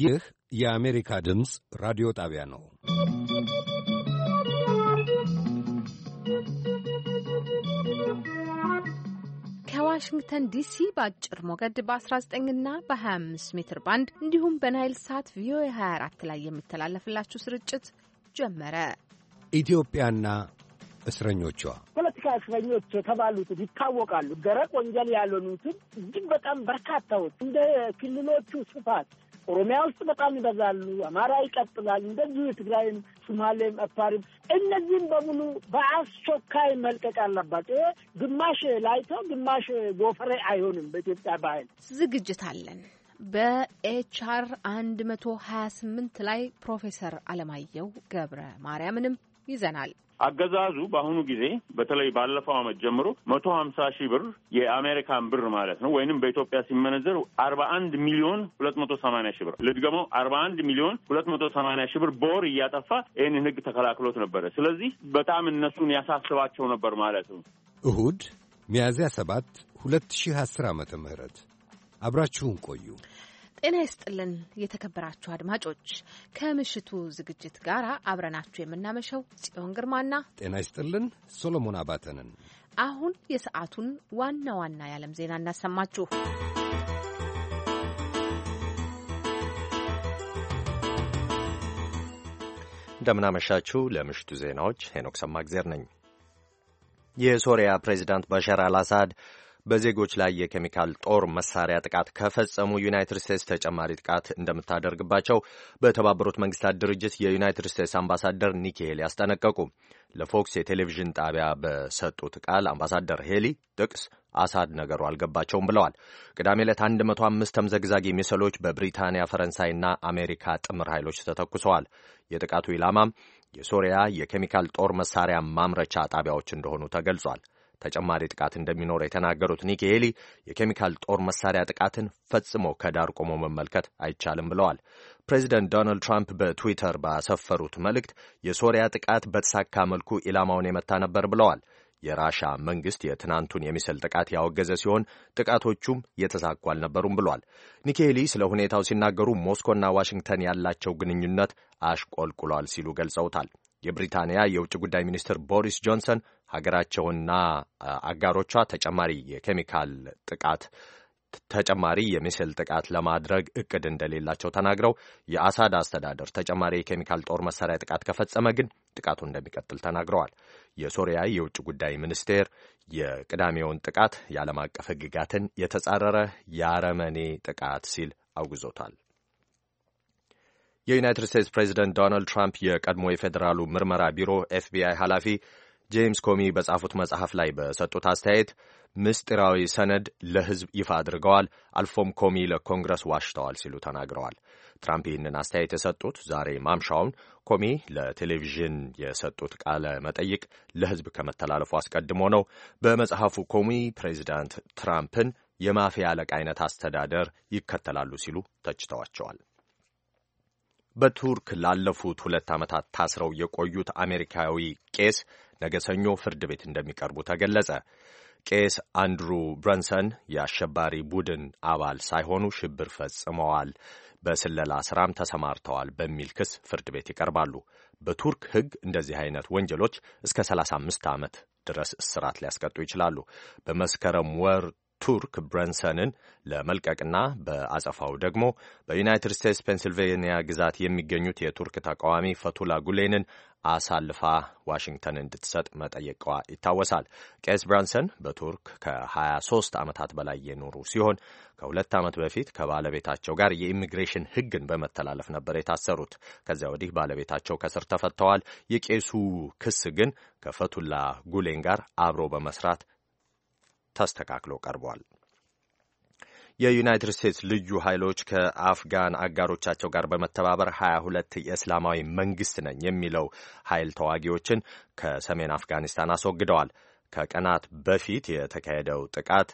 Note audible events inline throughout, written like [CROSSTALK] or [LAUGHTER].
ይህ የአሜሪካ ድምፅ ራዲዮ ጣቢያ ነው። ከዋሽንግተን ዲሲ በአጭር ሞገድ በ19 እና በ25 ሜትር ባንድ እንዲሁም በናይል ሳት ቪኦኤ 24 ላይ የሚተላለፍላችሁ ስርጭት ጀመረ። ኢትዮጵያና እስረኞቿ ፖለቲካ እስረኞች የተባሉት ይታወቃሉ። ደረቅ ወንጀል ያልሆኑትን እጅግ በጣም በርካታዎች እንደ ክልሎቹ ስፋት ኦሮሚያ ውስጥ በጣም ይበዛሉ። አማራ ይቀጥላል። እንደዚሁ የትግራይም፣ ሶማሌም፣ አፋሪም እነዚህም በሙሉ በአስቸኳይ መልቀቅ አለባቸው። ግማሽ ላይቶ ግማሽ ጎፈሬ አይሆንም። በኢትዮጵያ ባህል ዝግጅት አለን። በኤችአር 128 ላይ ፕሮፌሰር አለማየሁ ገብረ ማርያምንም ይዘናል። አገዛዙ በአሁኑ ጊዜ በተለይ ባለፈው አመት ጀምሮ መቶ ሀምሳ ሺህ ብር የአሜሪካን ብር ማለት ነው ወይንም በኢትዮጵያ ሲመነዘር አርባ አንድ ሚሊዮን ሁለት መቶ ሰማኒያ ሺህ ብር ልድገመው፣ አርባ አንድ ሚሊዮን ሁለት መቶ ሰማኒያ ሺህ ብር በወር እያጠፋ ይህንን ህግ ተከላክሎት ነበረ። ስለዚህ በጣም እነሱን ያሳስባቸው ነበር ማለት ነው። እሁድ ሚያዝያ ሰባት ሁለት ሺህ አስር ዓመተ ምህረት አብራችሁን ቆዩ። ጤና ይስጥልን የተከበራችሁ አድማጮች፣ ከምሽቱ ዝግጅት ጋር አብረናችሁ የምናመሸው ጽዮን ግርማና ጤና ይስጥልን ሶሎሞን አባተንን። አሁን የሰዓቱን ዋና ዋና የዓለም ዜና እናሰማችሁ። እንደምናመሻችሁ። ለምሽቱ ዜናዎች ሄኖክ ሰማግዜር ነኝ። የሶሪያ ፕሬዚዳንት ባሻር አልአሳድ በዜጎች ላይ የኬሚካል ጦር መሳሪያ ጥቃት ከፈጸሙ ዩናይትድ ስቴትስ ተጨማሪ ጥቃት እንደምታደርግባቸው በተባበሩት መንግስታት ድርጅት የዩናይትድ ስቴትስ አምባሳደር ኒኪ ሄሊ አስጠነቀቁ። ለፎክስ የቴሌቪዥን ጣቢያ በሰጡት ቃል አምባሳደር ሄሊ ጥቅስ አሳድ ነገሩ አልገባቸውም ብለዋል። ቅዳሜ ዕለት 105 ተምዘግዛጊ ሚሳይሎች በብሪታንያ ፈረንሳይና አሜሪካ ጥምር ኃይሎች ተተኩሰዋል። የጥቃቱ ኢላማም የሶሪያ የኬሚካል ጦር መሳሪያ ማምረቻ ጣቢያዎች እንደሆኑ ተገልጿል። ተጨማሪ ጥቃት እንደሚኖር የተናገሩት ኒኪ ሄሊ የኬሚካል ጦር መሳሪያ ጥቃትን ፈጽሞ ከዳር ቆሞ መመልከት አይቻልም ብለዋል። ፕሬዚደንት ዶናልድ ትራምፕ በትዊተር ባሰፈሩት መልእክት የሶሪያ ጥቃት በተሳካ መልኩ ኢላማውን የመታ ነበር ብለዋል። የራሻ መንግስት የትናንቱን የሚስል ጥቃት ያወገዘ ሲሆን ጥቃቶቹም የተሳኩ አልነበሩም ብሏል። ኒኪ ሄሊ ስለ ሁኔታው ሲናገሩ ሞስኮና ዋሽንግተን ያላቸው ግንኙነት አሽቆልቁሏል ሲሉ ገልጸውታል። የብሪታንያ የውጭ ጉዳይ ሚኒስትር ቦሪስ ጆንሰን ሀገራቸውና አጋሮቿ ተጨማሪ የኬሚካል ጥቃት ተጨማሪ የሚስል ጥቃት ለማድረግ እቅድ እንደሌላቸው ተናግረው የአሳድ አስተዳደር ተጨማሪ የኬሚካል ጦር መሳሪያ ጥቃት ከፈጸመ ግን ጥቃቱ እንደሚቀጥል ተናግረዋል። የሶሪያ የውጭ ጉዳይ ሚኒስቴር የቅዳሜውን ጥቃት የዓለም አቀፍ ሕግጋትን የተጻረረ የአረመኔ ጥቃት ሲል አውግዞታል። የዩናይትድ ስቴትስ ፕሬዚደንት ዶናልድ ትራምፕ የቀድሞ የፌዴራሉ ምርመራ ቢሮ ኤፍቢአይ ኃላፊ ጄምስ ኮሚ በጻፉት መጽሐፍ ላይ በሰጡት አስተያየት ምስጢራዊ ሰነድ ለሕዝብ ይፋ አድርገዋል፣ አልፎም ኮሚ ለኮንግረስ ዋሽተዋል ሲሉ ተናግረዋል። ትራምፕ ይህንን አስተያየት የሰጡት ዛሬ ማምሻውን ኮሚ ለቴሌቪዥን የሰጡት ቃለ መጠይቅ ለሕዝብ ከመተላለፉ አስቀድሞ ነው። በመጽሐፉ ኮሚ ፕሬዚዳንት ትራምፕን የማፊያ አለቃ አይነት አስተዳደር ይከተላሉ ሲሉ ተችተዋቸዋል። በቱርክ ላለፉት ሁለት ዓመታት ታስረው የቆዩት አሜሪካዊ ቄስ ነገ ሰኞ ፍርድ ቤት እንደሚቀርቡ ተገለጸ። ቄስ አንድሩ ብረንሰን የአሸባሪ ቡድን አባል ሳይሆኑ ሽብር ፈጽመዋል፣ በስለላ ስራም ተሰማርተዋል በሚል ክስ ፍርድ ቤት ይቀርባሉ። በቱርክ ሕግ እንደዚህ አይነት ወንጀሎች እስከ 35 ዓመት ድረስ እስራት ሊያስቀጡ ይችላሉ። በመስከረም ወር ቱርክ ብረንሰንን ለመልቀቅና በአጸፋው ደግሞ በዩናይትድ ስቴትስ ፔንስልቬንያ ግዛት የሚገኙት የቱርክ ተቃዋሚ ፈቱላ ጉሌንን አሳልፋ ዋሽንግተን እንድትሰጥ መጠየቋ ይታወሳል። ቄስ ብራንሰን በቱርክ ከ23 ዓመታት በላይ የኖሩ ሲሆን ከሁለት ዓመት በፊት ከባለቤታቸው ጋር የኢሚግሬሽን ሕግን በመተላለፍ ነበር የታሰሩት። ከዚያ ወዲህ ባለቤታቸው ከስር ተፈተዋል። የቄሱ ክስ ግን ከፈቱላ ጉሌን ጋር አብሮ በመስራት ተስተካክሎ ቀርቧል። የዩናይትድ ስቴትስ ልዩ ኃይሎች ከአፍጋን አጋሮቻቸው ጋር በመተባበር ሀያ ሁለት የእስላማዊ መንግስት ነኝ የሚለው ኃይል ተዋጊዎችን ከሰሜን አፍጋኒስታን አስወግደዋል። ከቀናት በፊት የተካሄደው ጥቃት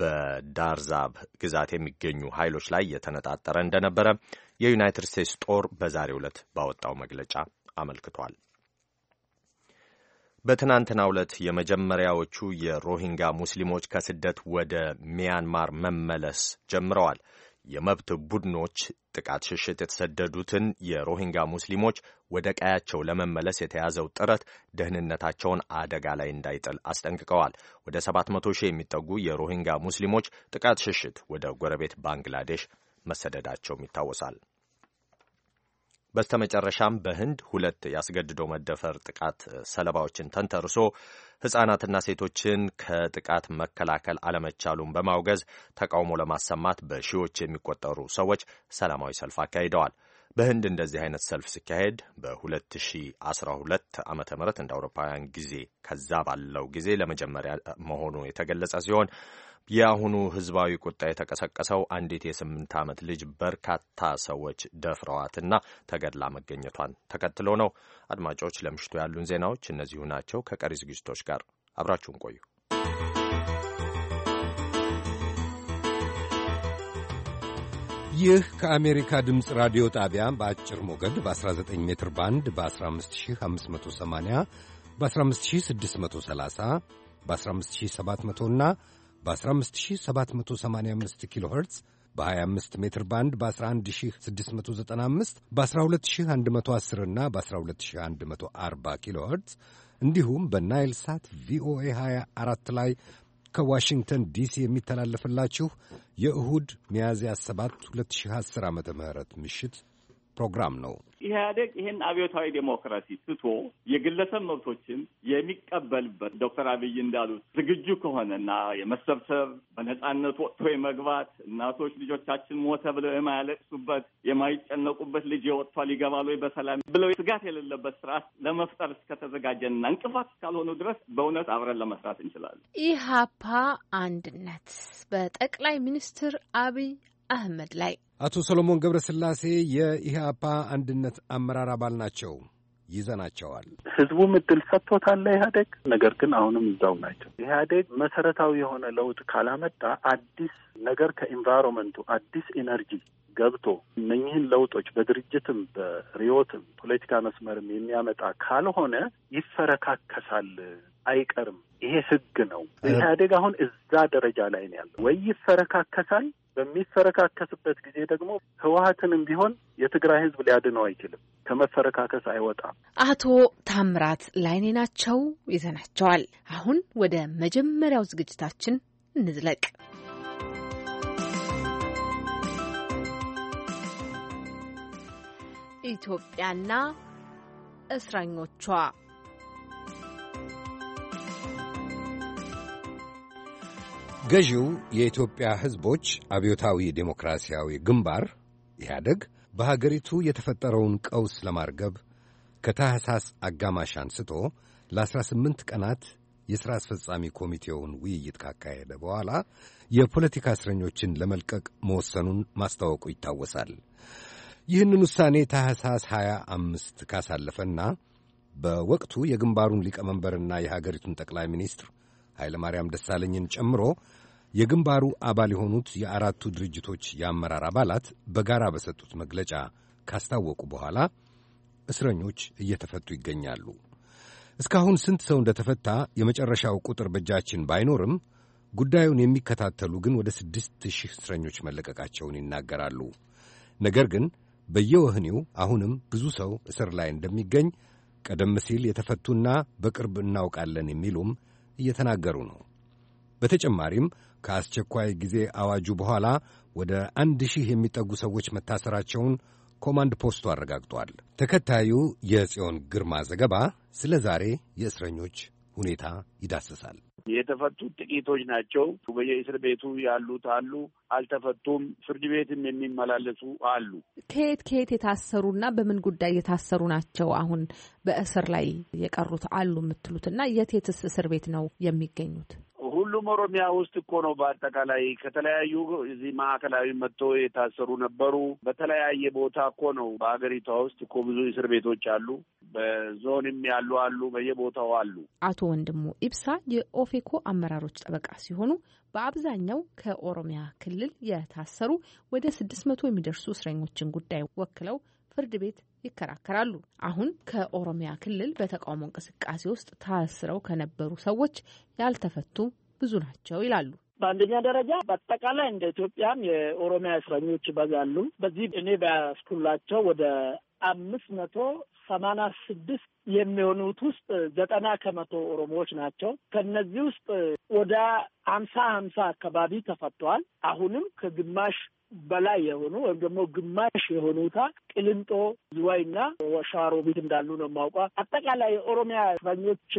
በዳርዛብ ግዛት የሚገኙ ኃይሎች ላይ የተነጣጠረ እንደነበረ የዩናይትድ ስቴትስ ጦር በዛሬው ዕለት ባወጣው መግለጫ አመልክቷል። በትናንትናው ዕለት የመጀመሪያዎቹ የሮሂንጋ ሙስሊሞች ከስደት ወደ ሚያንማር መመለስ ጀምረዋል። የመብት ቡድኖች ጥቃት ሽሽት የተሰደዱትን የሮሂንጋ ሙስሊሞች ወደ ቀያቸው ለመመለስ የተያዘው ጥረት ደህንነታቸውን አደጋ ላይ እንዳይጥል አስጠንቅቀዋል። ወደ 700 ሺህ የሚጠጉ የሮሂንጋ ሙስሊሞች ጥቃት ሽሽት ወደ ጎረቤት ባንግላዴሽ መሰደዳቸውም ይታወሳል። በስተመጨረሻም በህንድ ሁለት ያስገድዶ መደፈር ጥቃት ሰለባዎችን ተንተርሶ ሕፃናትና ሴቶችን ከጥቃት መከላከል አለመቻሉን በማውገዝ ተቃውሞ ለማሰማት በሺዎች የሚቆጠሩ ሰዎች ሰላማዊ ሰልፍ አካሂደዋል። በህንድ እንደዚህ አይነት ሰልፍ ሲካሄድ በ2012 ዓ ም እንደ አውሮፓውያን ጊዜ ከዛ ባለው ጊዜ ለመጀመሪያ መሆኑ የተገለጸ ሲሆን የአሁኑ ህዝባዊ ቁጣ የተቀሰቀሰው አንዲት የስምንት ዓመት ልጅ በርካታ ሰዎች ደፍረዋትና ተገድላ መገኘቷን ተከትሎ ነው። አድማጮች፣ ለምሽቱ ያሉን ዜናዎች እነዚሁ ናቸው። ከቀሪ ዝግጅቶች ጋር አብራችሁን ቆዩ። ይህ ከአሜሪካ ድምፅ ራዲዮ ጣቢያ በአጭር ሞገድ በ19 ሜትር ባንድ በ15580 በ15630 በ15700 እና በ15785 ኪሎ ኸርትዝ በ25 ሜትር ባንድ በ11695 በ12110 እና በ12140 ኪሎ ኸርትዝ እንዲሁም በናይል ሳት ቪኦኤ 24 ላይ ከዋሽንግተን ዲሲ የሚተላለፍላችሁ የእሁድ ሚያዝያ 7 2010 ዓ ም ምሽት ፕሮግራም ነው። ኢህአዴግ ይህን አብዮታዊ ዴሞክራሲ ትቶ የግለሰብ መብቶችን የሚቀበልበት ዶክተር አብይ እንዳሉት ዝግጁ ከሆነ እና የመሰብሰብ በነጻነት ወጥቶ የመግባት እናቶች ልጆቻችን ሞተ ብለው የማያለቅሱበት የማይጨነቁበት ልጅ ወጥቷል ይገባሉ በሰላም ብለው ስጋት የሌለበት ስርዓት ለመፍጠር እስከተዘጋጀና እንቅፋት እስካልሆኑ ድረስ በእውነት አብረን ለመስራት እንችላለን። ኢህአፓ አንድነት በጠቅላይ ሚኒስትር አብይ አህመድ ላይ አቶ ሰሎሞን ገብረ ስላሴ የኢህአፓ አንድነት አመራር አባል ናቸው። ይዘናቸዋል። ህዝቡም እድል ሰጥቶታል ለኢህአዴግ። ነገር ግን አሁንም እዛው ናቸው። ኢህአዴግ መሰረታዊ የሆነ ለውጥ ካላመጣ አዲስ ነገር ከኢንቫይሮንመንቱ አዲስ ኢነርጂ ገብቶ እነኝህን ለውጦች በድርጅትም በሪዮትም ፖለቲካ መስመርም የሚያመጣ ካልሆነ ይፈረካከሳል፣ አይቀርም። ይሄ ህግ ነው። ኢህአዴግ አሁን እዛ ደረጃ ላይ ነው ያለው። ወይ ይፈረካከሳል። በሚፈረካከስበት ጊዜ ደግሞ ህወሀትንም ቢሆን የትግራይ ህዝብ ሊያድነው አይችልም። ከመፈረካከስ አይወጣም። አቶ ታምራት ላይኔ ናቸው ይዘናቸዋል። አሁን ወደ መጀመሪያው ዝግጅታችን እንዝለቅ። ኢትዮጵያና እስረኞቿ ገዢው የኢትዮጵያ ሕዝቦች አብዮታዊ ዴሞክራሲያዊ ግንባር ኢህአደግ በሀገሪቱ የተፈጠረውን ቀውስ ለማርገብ ከታህሳስ አጋማሽ አንስቶ ለ18 ቀናት የሥራ አስፈጻሚ ኮሚቴውን ውይይት ካካሄደ በኋላ የፖለቲካ እስረኞችን ለመልቀቅ መወሰኑን ማስታወቁ ይታወሳል። ይህንን ውሳኔ ታሕሳስ 25 ካሳለፈና በወቅቱ የግንባሩን ሊቀመንበርና የሀገሪቱን ጠቅላይ ሚኒስትር ኃይለማርያም ደሳለኝን ጨምሮ የግንባሩ አባል የሆኑት የአራቱ ድርጅቶች የአመራር አባላት በጋራ በሰጡት መግለጫ ካስታወቁ በኋላ እስረኞች እየተፈቱ ይገኛሉ። እስካሁን ስንት ሰው እንደተፈታ የመጨረሻው ቁጥር በእጃችን ባይኖርም ጉዳዩን የሚከታተሉ ግን ወደ ስድስት ሺህ እስረኞች መለቀቃቸውን ይናገራሉ። ነገር ግን በየወህኒው አሁንም ብዙ ሰው እስር ላይ እንደሚገኝ ቀደም ሲል የተፈቱና በቅርብ እናውቃለን የሚሉም እየተናገሩ ነው። በተጨማሪም ከአስቸኳይ ጊዜ አዋጁ በኋላ ወደ አንድ ሺህ የሚጠጉ ሰዎች መታሰራቸውን ኮማንድ ፖስቱ አረጋግጧል። ተከታዩ የጽዮን ግርማ ዘገባ ስለ ዛሬ የእስረኞች ሁኔታ ይዳስሳል። የተፈቱ ጥቂቶች ናቸው። በየእስር ቤቱ ያሉት አሉ፣ አልተፈቱም። ፍርድ ቤትም የሚመላለሱ አሉ። ከየት ከየት የታሰሩና በምን ጉዳይ የታሰሩ ናቸው? አሁን በእስር ላይ የቀሩት አሉ የምትሉት እና የት የትስ እስር ቤት ነው የሚገኙት? ሁሉም ኦሮሚያ ውስጥ እኮ ነው። በአጠቃላይ ከተለያዩ እዚህ ማዕከላዊ መጥቶ የታሰሩ ነበሩ። በተለያየ ቦታ እኮ ነው በሀገሪቷ ውስጥ እኮ ብዙ እስር ቤቶች አሉ። በዞንም ያሉ አሉ፣ በየቦታው አሉ። አቶ ወንድሙ ኢብሳ የኦፌኮ አመራሮች ጠበቃ ሲሆኑ በአብዛኛው ከኦሮሚያ ክልል የታሰሩ ወደ ስድስት መቶ የሚደርሱ እስረኞችን ጉዳይ ወክለው ፍርድ ቤት ይከራከራሉ። አሁን ከኦሮሚያ ክልል በተቃውሞ እንቅስቃሴ ውስጥ ታስረው ከነበሩ ሰዎች ያልተፈቱ ብዙ ናቸው ይላሉ። በአንደኛ ደረጃ በአጠቃላይ እንደ ኢትዮጵያም የኦሮሚያ እስረኞች ይበዛሉ። በዚህ እኔ በያስኩላቸው ወደ አምስት መቶ ሰማንያ ስድስት የሚሆኑት ውስጥ ዘጠና ከመቶ ኦሮሞዎች ናቸው። ከነዚህ ውስጥ ወደ ሀምሳ ሀምሳ አካባቢ ተፈተዋል። አሁንም ከግማሽ በላይ የሆኑ ወይም ደግሞ ግማሽ የሆኑታ ቅልንጦ፣ ዝዋይና ሸዋሮቢት እንዳሉ ነው የማውቀው። አጠቃላይ የኦሮሚያ እስረኞች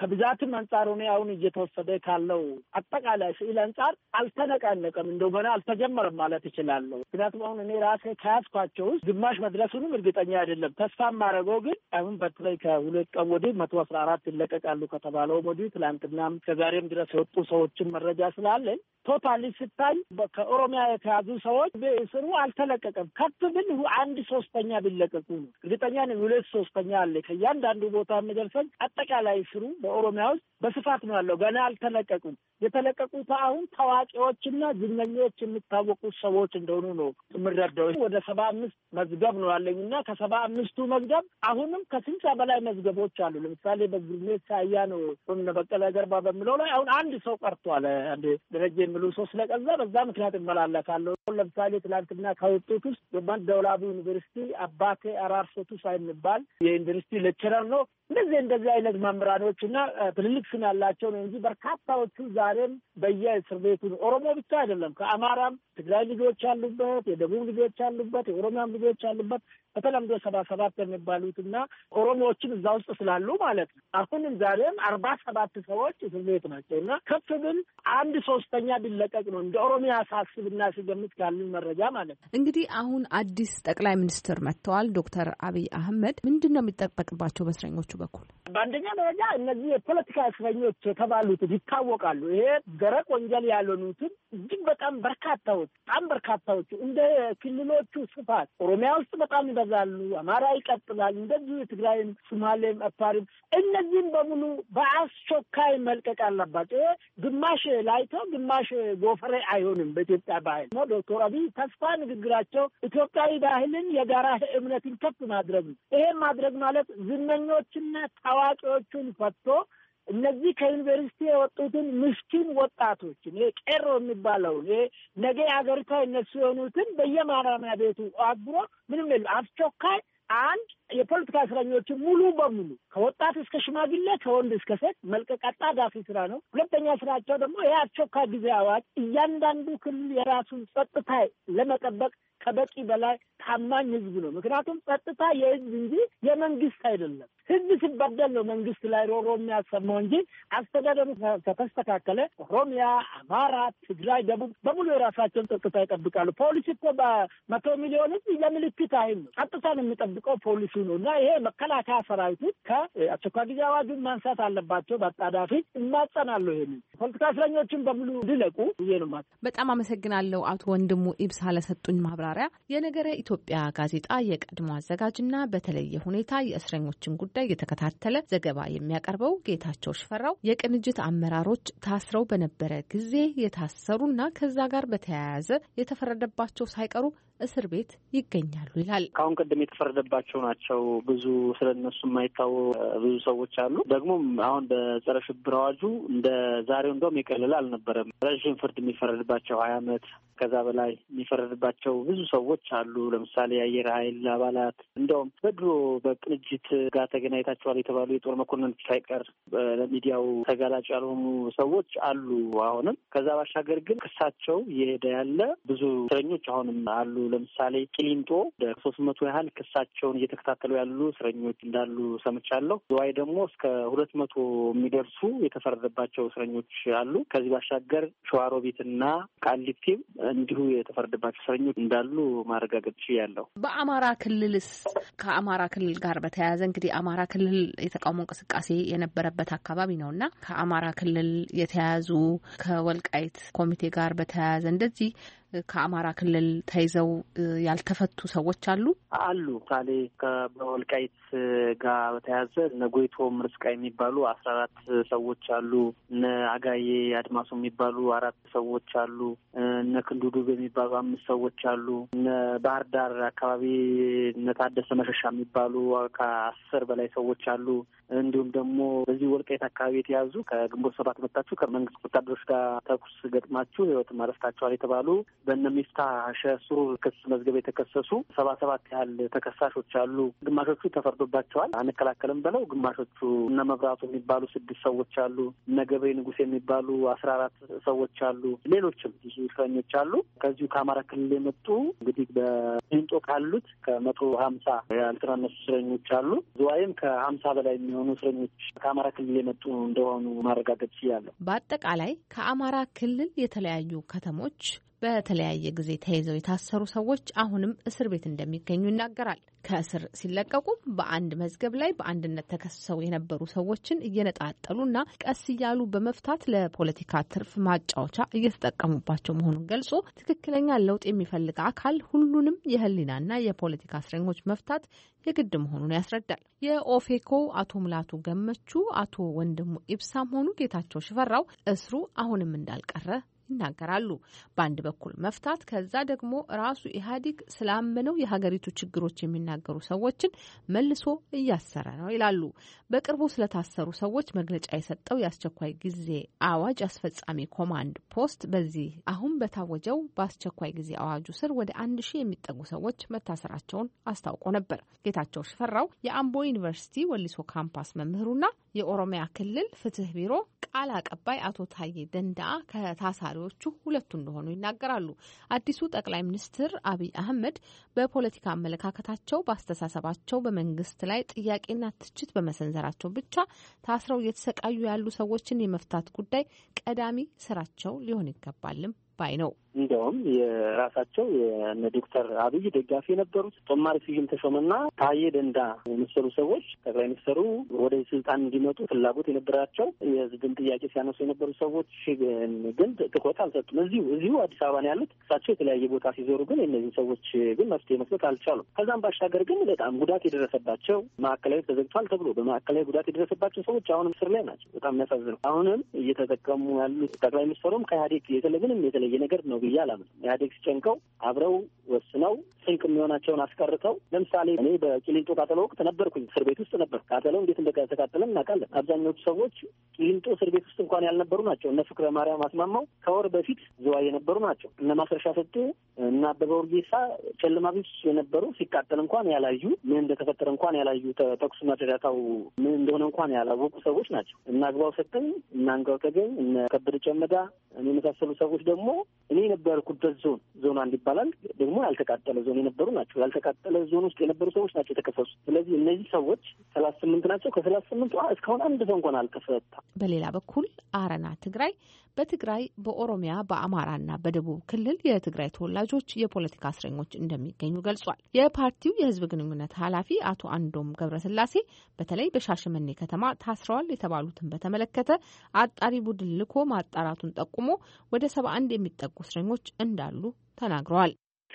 ከብዛትም አንጻር ሆነ አሁን እየተወሰደ ካለው አጠቃላይ ስዕል አንጻር አልተነቃነቀም፣ እንደው ገና አልተጀመረም ማለት እችላለሁ። ምክንያቱም አሁን እኔ ራሴ ከያዝኳቸው ውስጥ ግማሽ መድረሱንም እርግጠኛ አይደለም። ተስፋ ማድረገው ግን አሁን በተለይ ከሁለት ቀን ወዲህ መቶ አስራ አራት ይለቀቃሉ ከተባለው ወዲህ ትላንትናም ከዛሬም ድረስ የወጡ ሰዎችን መረጃ ስላለን ቶታሊ ስታይ ከኦሮሚያ የተያዙ ሰዎች ስሩ አልተለቀቀም። ከፍ ብል አንድ ሶስተኛ ቢለቀቁ ነው እርግጠኛ ሁለት ሶስተኛ አለ ከእያንዳንዱ ቦታ የሚደርሰን አጠቃላይ ስሩ በኦሮሚያ ውስጥ በስፋት ነው ያለው። ገና አልተለቀቁም። የተለቀቁት አሁን ታዋቂዎችና ዝነኞች የሚታወቁ ሰዎች እንደሆኑ ነው የምረዳው። ወደ ሰባ አምስት መዝገብ ነው ያለኝ እና ከሰባ አምስቱ መዝገብ አሁንም ከስልሳ በላይ መዝገቦች አሉ። ለምሳሌ በግርሜ ሳያ ነው ወምነ በቀለ ገርባ በሚለው ላይ አሁን አንድ ሰው ቀርቷል። አንድ ደረጀ የሚሉ ሰው ስለቀዛ በዛ ምክንያት እመላለካለሁ። ለምሳሌ ትላንትና ከወጡት ውስጥ ደማን ደውላቡ ዩኒቨርሲቲ አባቴ አራርሶቱ የሚባል የዩኒቨርሲቲ ሌክቸረር ነው እንደዚህ እንደዚህ አይነት መምህራኖች እና ትልልቅ ስም ያላቸው ነው እንጂ በርካታዎቹ ዛሬም በየእስር ቤቱ ኦሮሞ ብቻ አይደለም፣ ከአማራም ትግራይ ልጆች ያሉበት፣ የደቡብ ልጆች ያሉበት፣ የኦሮሚያም ልጆች ያሉበት በተለምዶ ሰባ ሰባት የሚባሉት እና ኦሮሞዎችን እዛ ውስጥ ስላሉ ማለት ነው። አሁንም ዛሬም አርባ ሰባት ሰዎች እስር ቤት ናቸው እና ከፍ ግን አንድ ሶስተኛ ቢለቀቅ ነው እንደ ኦሮሚያ ሳስብና ሲገምት ካልን መረጃ ማለት ነው። እንግዲህ አሁን አዲስ ጠቅላይ ሚኒስትር መጥተዋል። ዶክተር አብይ አህመድ ምንድን ነው የሚጠበቅባቸው በእስረኞቹ በመሪዎቹ በኩል? በአንደኛ ደረጃ እነዚህ የፖለቲካ እስረኞች የተባሉት ይታወቃሉ። ይሄ ደረቅ ወንጀል ያልሆኑትን እጅግ በጣም በርካታዎች በጣም በርካታዎቹ እንደ ክልሎቹ ስፋት ኦሮሚያ ውስጥ በጣም ይበዛሉ። አማራ ይቀጥላል። እንደዚሁ የትግራይም፣ ሶማሌም፣ አፋርም እነዚህም በሙሉ በአስቸኳይ መልቀቅ አለባቸው። ይሄ ግማሽ ላይቶ ግማሽ ጎፈሬ አይሆንም። በኢትዮጵያ ባህል ዶክተር አብይ ተስፋ ንግግራቸው ኢትዮጵያዊ ባህልን የጋራ እምነትን ከፍ ማድረግ ይሄ ማድረግ ማለት ዝነኞችን ዋና ታዋቂዎቹን ፈቶ እነዚህ ከዩኒቨርሲቲ የወጡትን ምስኪን ወጣቶችን ቄሮ የሚባለውን ነገ አገሪቷ እነሱ የሆኑትን በየማራሚያ ቤቱ አግብሮ ምንም የሉ አስቸኳይ አንድ የፖለቲካ እስረኞችን ሙሉ በሙሉ ከወጣት እስከ ሽማግሌ ከወንድ እስከ ሴት መልቀቅ አጣዳፊ ስራ ነው። ሁለተኛ ስራቸው ደግሞ ይህ የአስቸኳይ ጊዜ አዋጅ እያንዳንዱ ክልል የራሱን ጸጥታ ለመጠበቅ ከበቂ በላይ ታማኝ ህዝብ ነው። ምክንያቱም ጸጥታ የህዝብ እንጂ የመንግስት አይደለም። ህዝብ ሲበደል ነው መንግስት ላይ ሮሮ የሚያሰማው እንጂ አስተዳደሩ ከተስተካከለ ኦሮሚያ፣ አማራ፣ ትግራይ፣ ደቡብ በሙሉ የራሳቸውን ጸጥታ ይጠብቃሉ። ፖሊስ እኮ በመቶ ሚሊዮን ህዝብ ለምልክት አይም ነው። ጸጥታን የሚጠብቀው ፖሊሱ ነው እና ይሄ መከላከያ ሰራዊቱ ከአስቸኳይ ጊዜ አዋጁን ማንሳት አለባቸው። በአጣዳፊ እማጸናለሁ። ይሄንን ፖለቲካ እስረኞችን በሙሉ እንዲለቁ ነው በጣም አመሰግናለሁ አቶ ወንድሙ ኢብሳ ለሰጡኝ ማብራሪያ። ማብራሪያ የነገረ ኢትዮጵያ ጋዜጣ የቀድሞ አዘጋጅና በተለየ ሁኔታ የእስረኞችን ጉዳይ የተከታተለ ዘገባ የሚያቀርበው ጌታቸው ሽፈራው የቅንጅት አመራሮች ታስረው በነበረ ጊዜ የታሰሩና ከዛ ጋር በተያያዘ የተፈረደባቸው ሳይቀሩ እስር ቤት ይገኛሉ ይላል። ከአሁን ቀደም የተፈረደባቸው ናቸው። ብዙ ስለ እነሱ የማይታወቅ ብዙ ሰዎች አሉ። ደግሞም አሁን በጸረ ሽብር አዋጁ እንደ ዛሬው እንደውም የቀለለ አልነበረም። ረዥም ፍርድ የሚፈረድባቸው ሀያ አመት ከዛ በላይ የሚፈረድባቸው ብዙ ሰዎች አሉ። ለምሳሌ የአየር ኃይል አባላት እንደውም በድሮ በቅንጅት ጋር ተገናኝታችኋል የተባሉ የጦር መኮንን ሳይቀር ለሚዲያው ተጋላጭ ያልሆኑ ሰዎች አሉ። አሁንም ከዛ ባሻገር ግን ክሳቸው እየሄደ ያለ ብዙ እስረኞች አሁንም አሉ። ለምሳሌ ቂሊንጦ ወደ ሶስት መቶ ያህል ክሳቸውን እየተከታተሉ ያሉ እስረኞች እንዳሉ ሰምቻለሁ። ዝዋይ ደግሞ እስከ ሁለት መቶ የሚደርሱ የተፈረደባቸው እስረኞች አሉ። ከዚህ ባሻገር ሸዋሮቢትና ቃሊቲም እንዲሁ የተፈረደባቸው እስረኞች እንዳሉ ማረጋገጥ ችያለሁ። በአማራ ክልልስ ከአማራ ክልል ጋር በተያያዘ እንግዲህ አማራ ክልል የተቃውሞ እንቅስቃሴ የነበረበት አካባቢ ነው እና ከአማራ ክልል የተያያዙ ከወልቃይት ኮሚቴ ጋር በተያያዘ እንደዚህ ከአማራ ክልል ተይዘው ያልተፈቱ ሰዎች አሉ አሉ። ምሳሌ ከወልቃይት ጋር በተያያዘ እነ ጎይቶ ምርስቃ የሚባሉ አስራ አራት ሰዎች አሉ። እነ አጋዬ አድማሱ የሚባሉ አራት ሰዎች አሉ። እነ ክንዱዱብ የሚባሉ አምስት ሰዎች አሉ። እነ ባህር ዳር አካባቢ እነ ታደሰ መሸሻ የሚባሉ ከአስር በላይ ሰዎች አሉ። እንዲሁም ደግሞ በዚህ ወልቃይት አካባቢ የተያዙ ከግንቦት ሰባት መታችሁ ከመንግስት ወታደሮች ጋር ተኩስ ገጥማችሁ ህይወት ማረፍታችኋል የተባሉ በነሚስታ ሚፍታ ሸህ ክስ መዝገብ የተከሰሱ ሰባ ሰባት ያህል ተከሳሾች አሉ። ግማሾቹ ተፈርዶባቸዋል አንከላከልም ብለው፣ ግማሾቹ እነ መብራቱ የሚባሉ ስድስት ሰዎች አሉ። እነ ንጉስ ንጉሴ የሚባሉ አስራ አራት ሰዎች አሉ። ሌሎችም ብዙ እስረኞች አሉ። ከዚሁ ከአማራ ክልል የመጡ እንግዲህ በኢንጦ ካሉት ከመቶ ሀምሳ ያልተናነሱ እስረኞች አሉ። ዝዋይም ከሀምሳ በላይ የሚሆኑ እስረኞች ከአማራ ክልል የመጡ እንደሆኑ ማረጋገጥ ችያለሁ። በአጠቃላይ ከአማራ ክልል የተለያዩ ከተሞች በተለያየ ጊዜ ተይዘው የታሰሩ ሰዎች አሁንም እስር ቤት እንደሚገኙ ይናገራል። ከእስር ሲለቀቁም በአንድ መዝገብ ላይ በአንድነት ተከስሰው የነበሩ ሰዎችን እየነጣጠሉና ቀስ እያሉ በመፍታት ለፖለቲካ ትርፍ ማጫወቻ እየተጠቀሙባቸው መሆኑን ገልጾ ትክክለኛ ለውጥ የሚፈልግ አካል ሁሉንም የህሊናና የፖለቲካ እስረኞች መፍታት የግድ መሆኑን ያስረዳል። የኦፌኮ አቶ ሙላቱ ገመቹ፣ አቶ ወንድሙ ኢብሳም ሆኑ ጌታቸው ሽፈራው እስሩ አሁንም እንዳልቀረ ይናገራሉ። በአንድ በኩል መፍታት፣ ከዛ ደግሞ ራሱ ኢህአዴግ ስላመነው የሀገሪቱ ችግሮች የሚናገሩ ሰዎችን መልሶ እያሰረ ነው ይላሉ። በቅርቡ ስለታሰሩ ሰዎች መግለጫ የሰጠው የአስቸኳይ ጊዜ አዋጅ አስፈጻሚ ኮማንድ ፖስት በዚህ አሁን በታወጀው በአስቸኳይ ጊዜ አዋጁ ስር ወደ አንድ ሺህ የሚጠጉ ሰዎች መታሰራቸውን አስታውቆ ነበር። ጌታቸው ሽፈራው የአምቦ ዩኒቨርሲቲ ወሊሶ ካምፓስ መምህሩና የኦሮሚያ ክልል ፍትህ ቢሮ ቃል አቀባይ አቶ ታዬ ደንዳአ ከታሳሪዎቹ ሁለቱ እንደሆኑ ይናገራሉ። አዲሱ ጠቅላይ ሚኒስትር አብይ አህመድ በፖለቲካ አመለካከታቸው፣ በአስተሳሰባቸው በመንግስት ላይ ጥያቄና ትችት በመሰንዘራቸው ብቻ ታስረው እየተሰቃዩ ያሉ ሰዎችን የመፍታት ጉዳይ ቀዳሚ ስራቸው ሊሆን ይገባልም ባይ ነው። እንዲያውም የራሳቸው የነ ዶክተር አብይ ደጋፊ የነበሩት ጦማሪ ስዩም ተሾመና ታዬ ደንዳ የመሰሉ ሰዎች ጠቅላይ ሚኒስትሩ ወደ ስልጣን እንዲመጡ ፍላጎት የነበራቸው የህዝብን ጥያቄ ሲያነሱ የነበሩ ሰዎች ግን ትኩረት አልሰጡም። እዚሁ እዚሁ አዲስ አበባ ነው ያሉት። እሳቸው የተለያየ ቦታ ሲዞሩ ግን የእነዚህ ሰዎች ግን መፍትሄ መስጠት አልቻሉም። ከዛም ባሻገር ግን በጣም ጉዳት የደረሰባቸው ማዕከላዊ ተዘግቷል ተብሎ በማዕከላዊ ጉዳት የደረሰባቸው ሰዎች አሁንም እስር ላይ ናቸው። በጣም የሚያሳዝነው አሁንም እየተጠቀሙ ያሉት ጠቅላይ ሚኒስትሩም ከኢህአዴግ የተለምንም የተለ የተለየ ነገር ነው ብዬ አላምንም። ኢህአዴግ ሲጨንቀው አብረው ወስነው ስንቅ የሚሆናቸውን አስቀርተው፣ ለምሳሌ እኔ በቂሊንጦ ቃጠሎ ወቅት ነበርኩኝ፣ እስር ቤት ውስጥ ነበር። ቃጠሎ እንዴት እንደተቃጠለም እናውቃለን። አብዛኛዎቹ ሰዎች ቂሊንጦ እስር ቤት ውስጥ እንኳን ያልነበሩ ናቸው። እነ ፍቅረ ማርያም አስማማው ከወር በፊት ዝዋይ የነበሩ ናቸው። እነ ማስረሻ ሰጡ እና አበበ ወርጌሳ ጨለማ ቤት የነበሩ ሲቃጠል እንኳን ያላዩ ምን እንደተፈጠረ እንኳን ያላዩ ተኩሱና ጫጫታው ምን እንደሆነ እንኳን ያላወቁ ሰዎች ናቸው። እና አግባው ሰጥን እና አንጋው ተገኝ እነ ከበደ ጨመዳ የመሳሰሉ ሰዎች ደግሞ እኔ የነበርኩበት ዞን ዞን አንድ ይባላል ደግሞ ያልተቃጠለ ዞን የነበሩ ናቸው። ያልተቃጠለ ዞን ውስጥ የነበሩ ሰዎች ናቸው የተከሰሱ። ስለዚህ እነዚህ ሰዎች ሰላሳ ስምንት ናቸው። ከሰላሳ ስምንቱ እስካሁን አንድ ሰው እንኳን አልተፈታ። በሌላ በኩል አረና ትግራይ በትግራይ በኦሮሚያ በአማራና በደቡብ ክልል የትግራይ ተወላጆች የፖለቲካ እስረኞች እንደሚገኙ ገልጿል። የፓርቲው የህዝብ ግንኙነት ኃላፊ አቶ አንዶም ገብረስላሴ በተለይ በሻሸመኔ ከተማ ታስረዋል የተባሉትን በተመለከተ አጣሪ ቡድን ልኮ ማጣራቱን ጠቁሞ ወደ ሰባ አንድ የሚጠጉ እስረኞች እንዳሉ ተናግረዋል።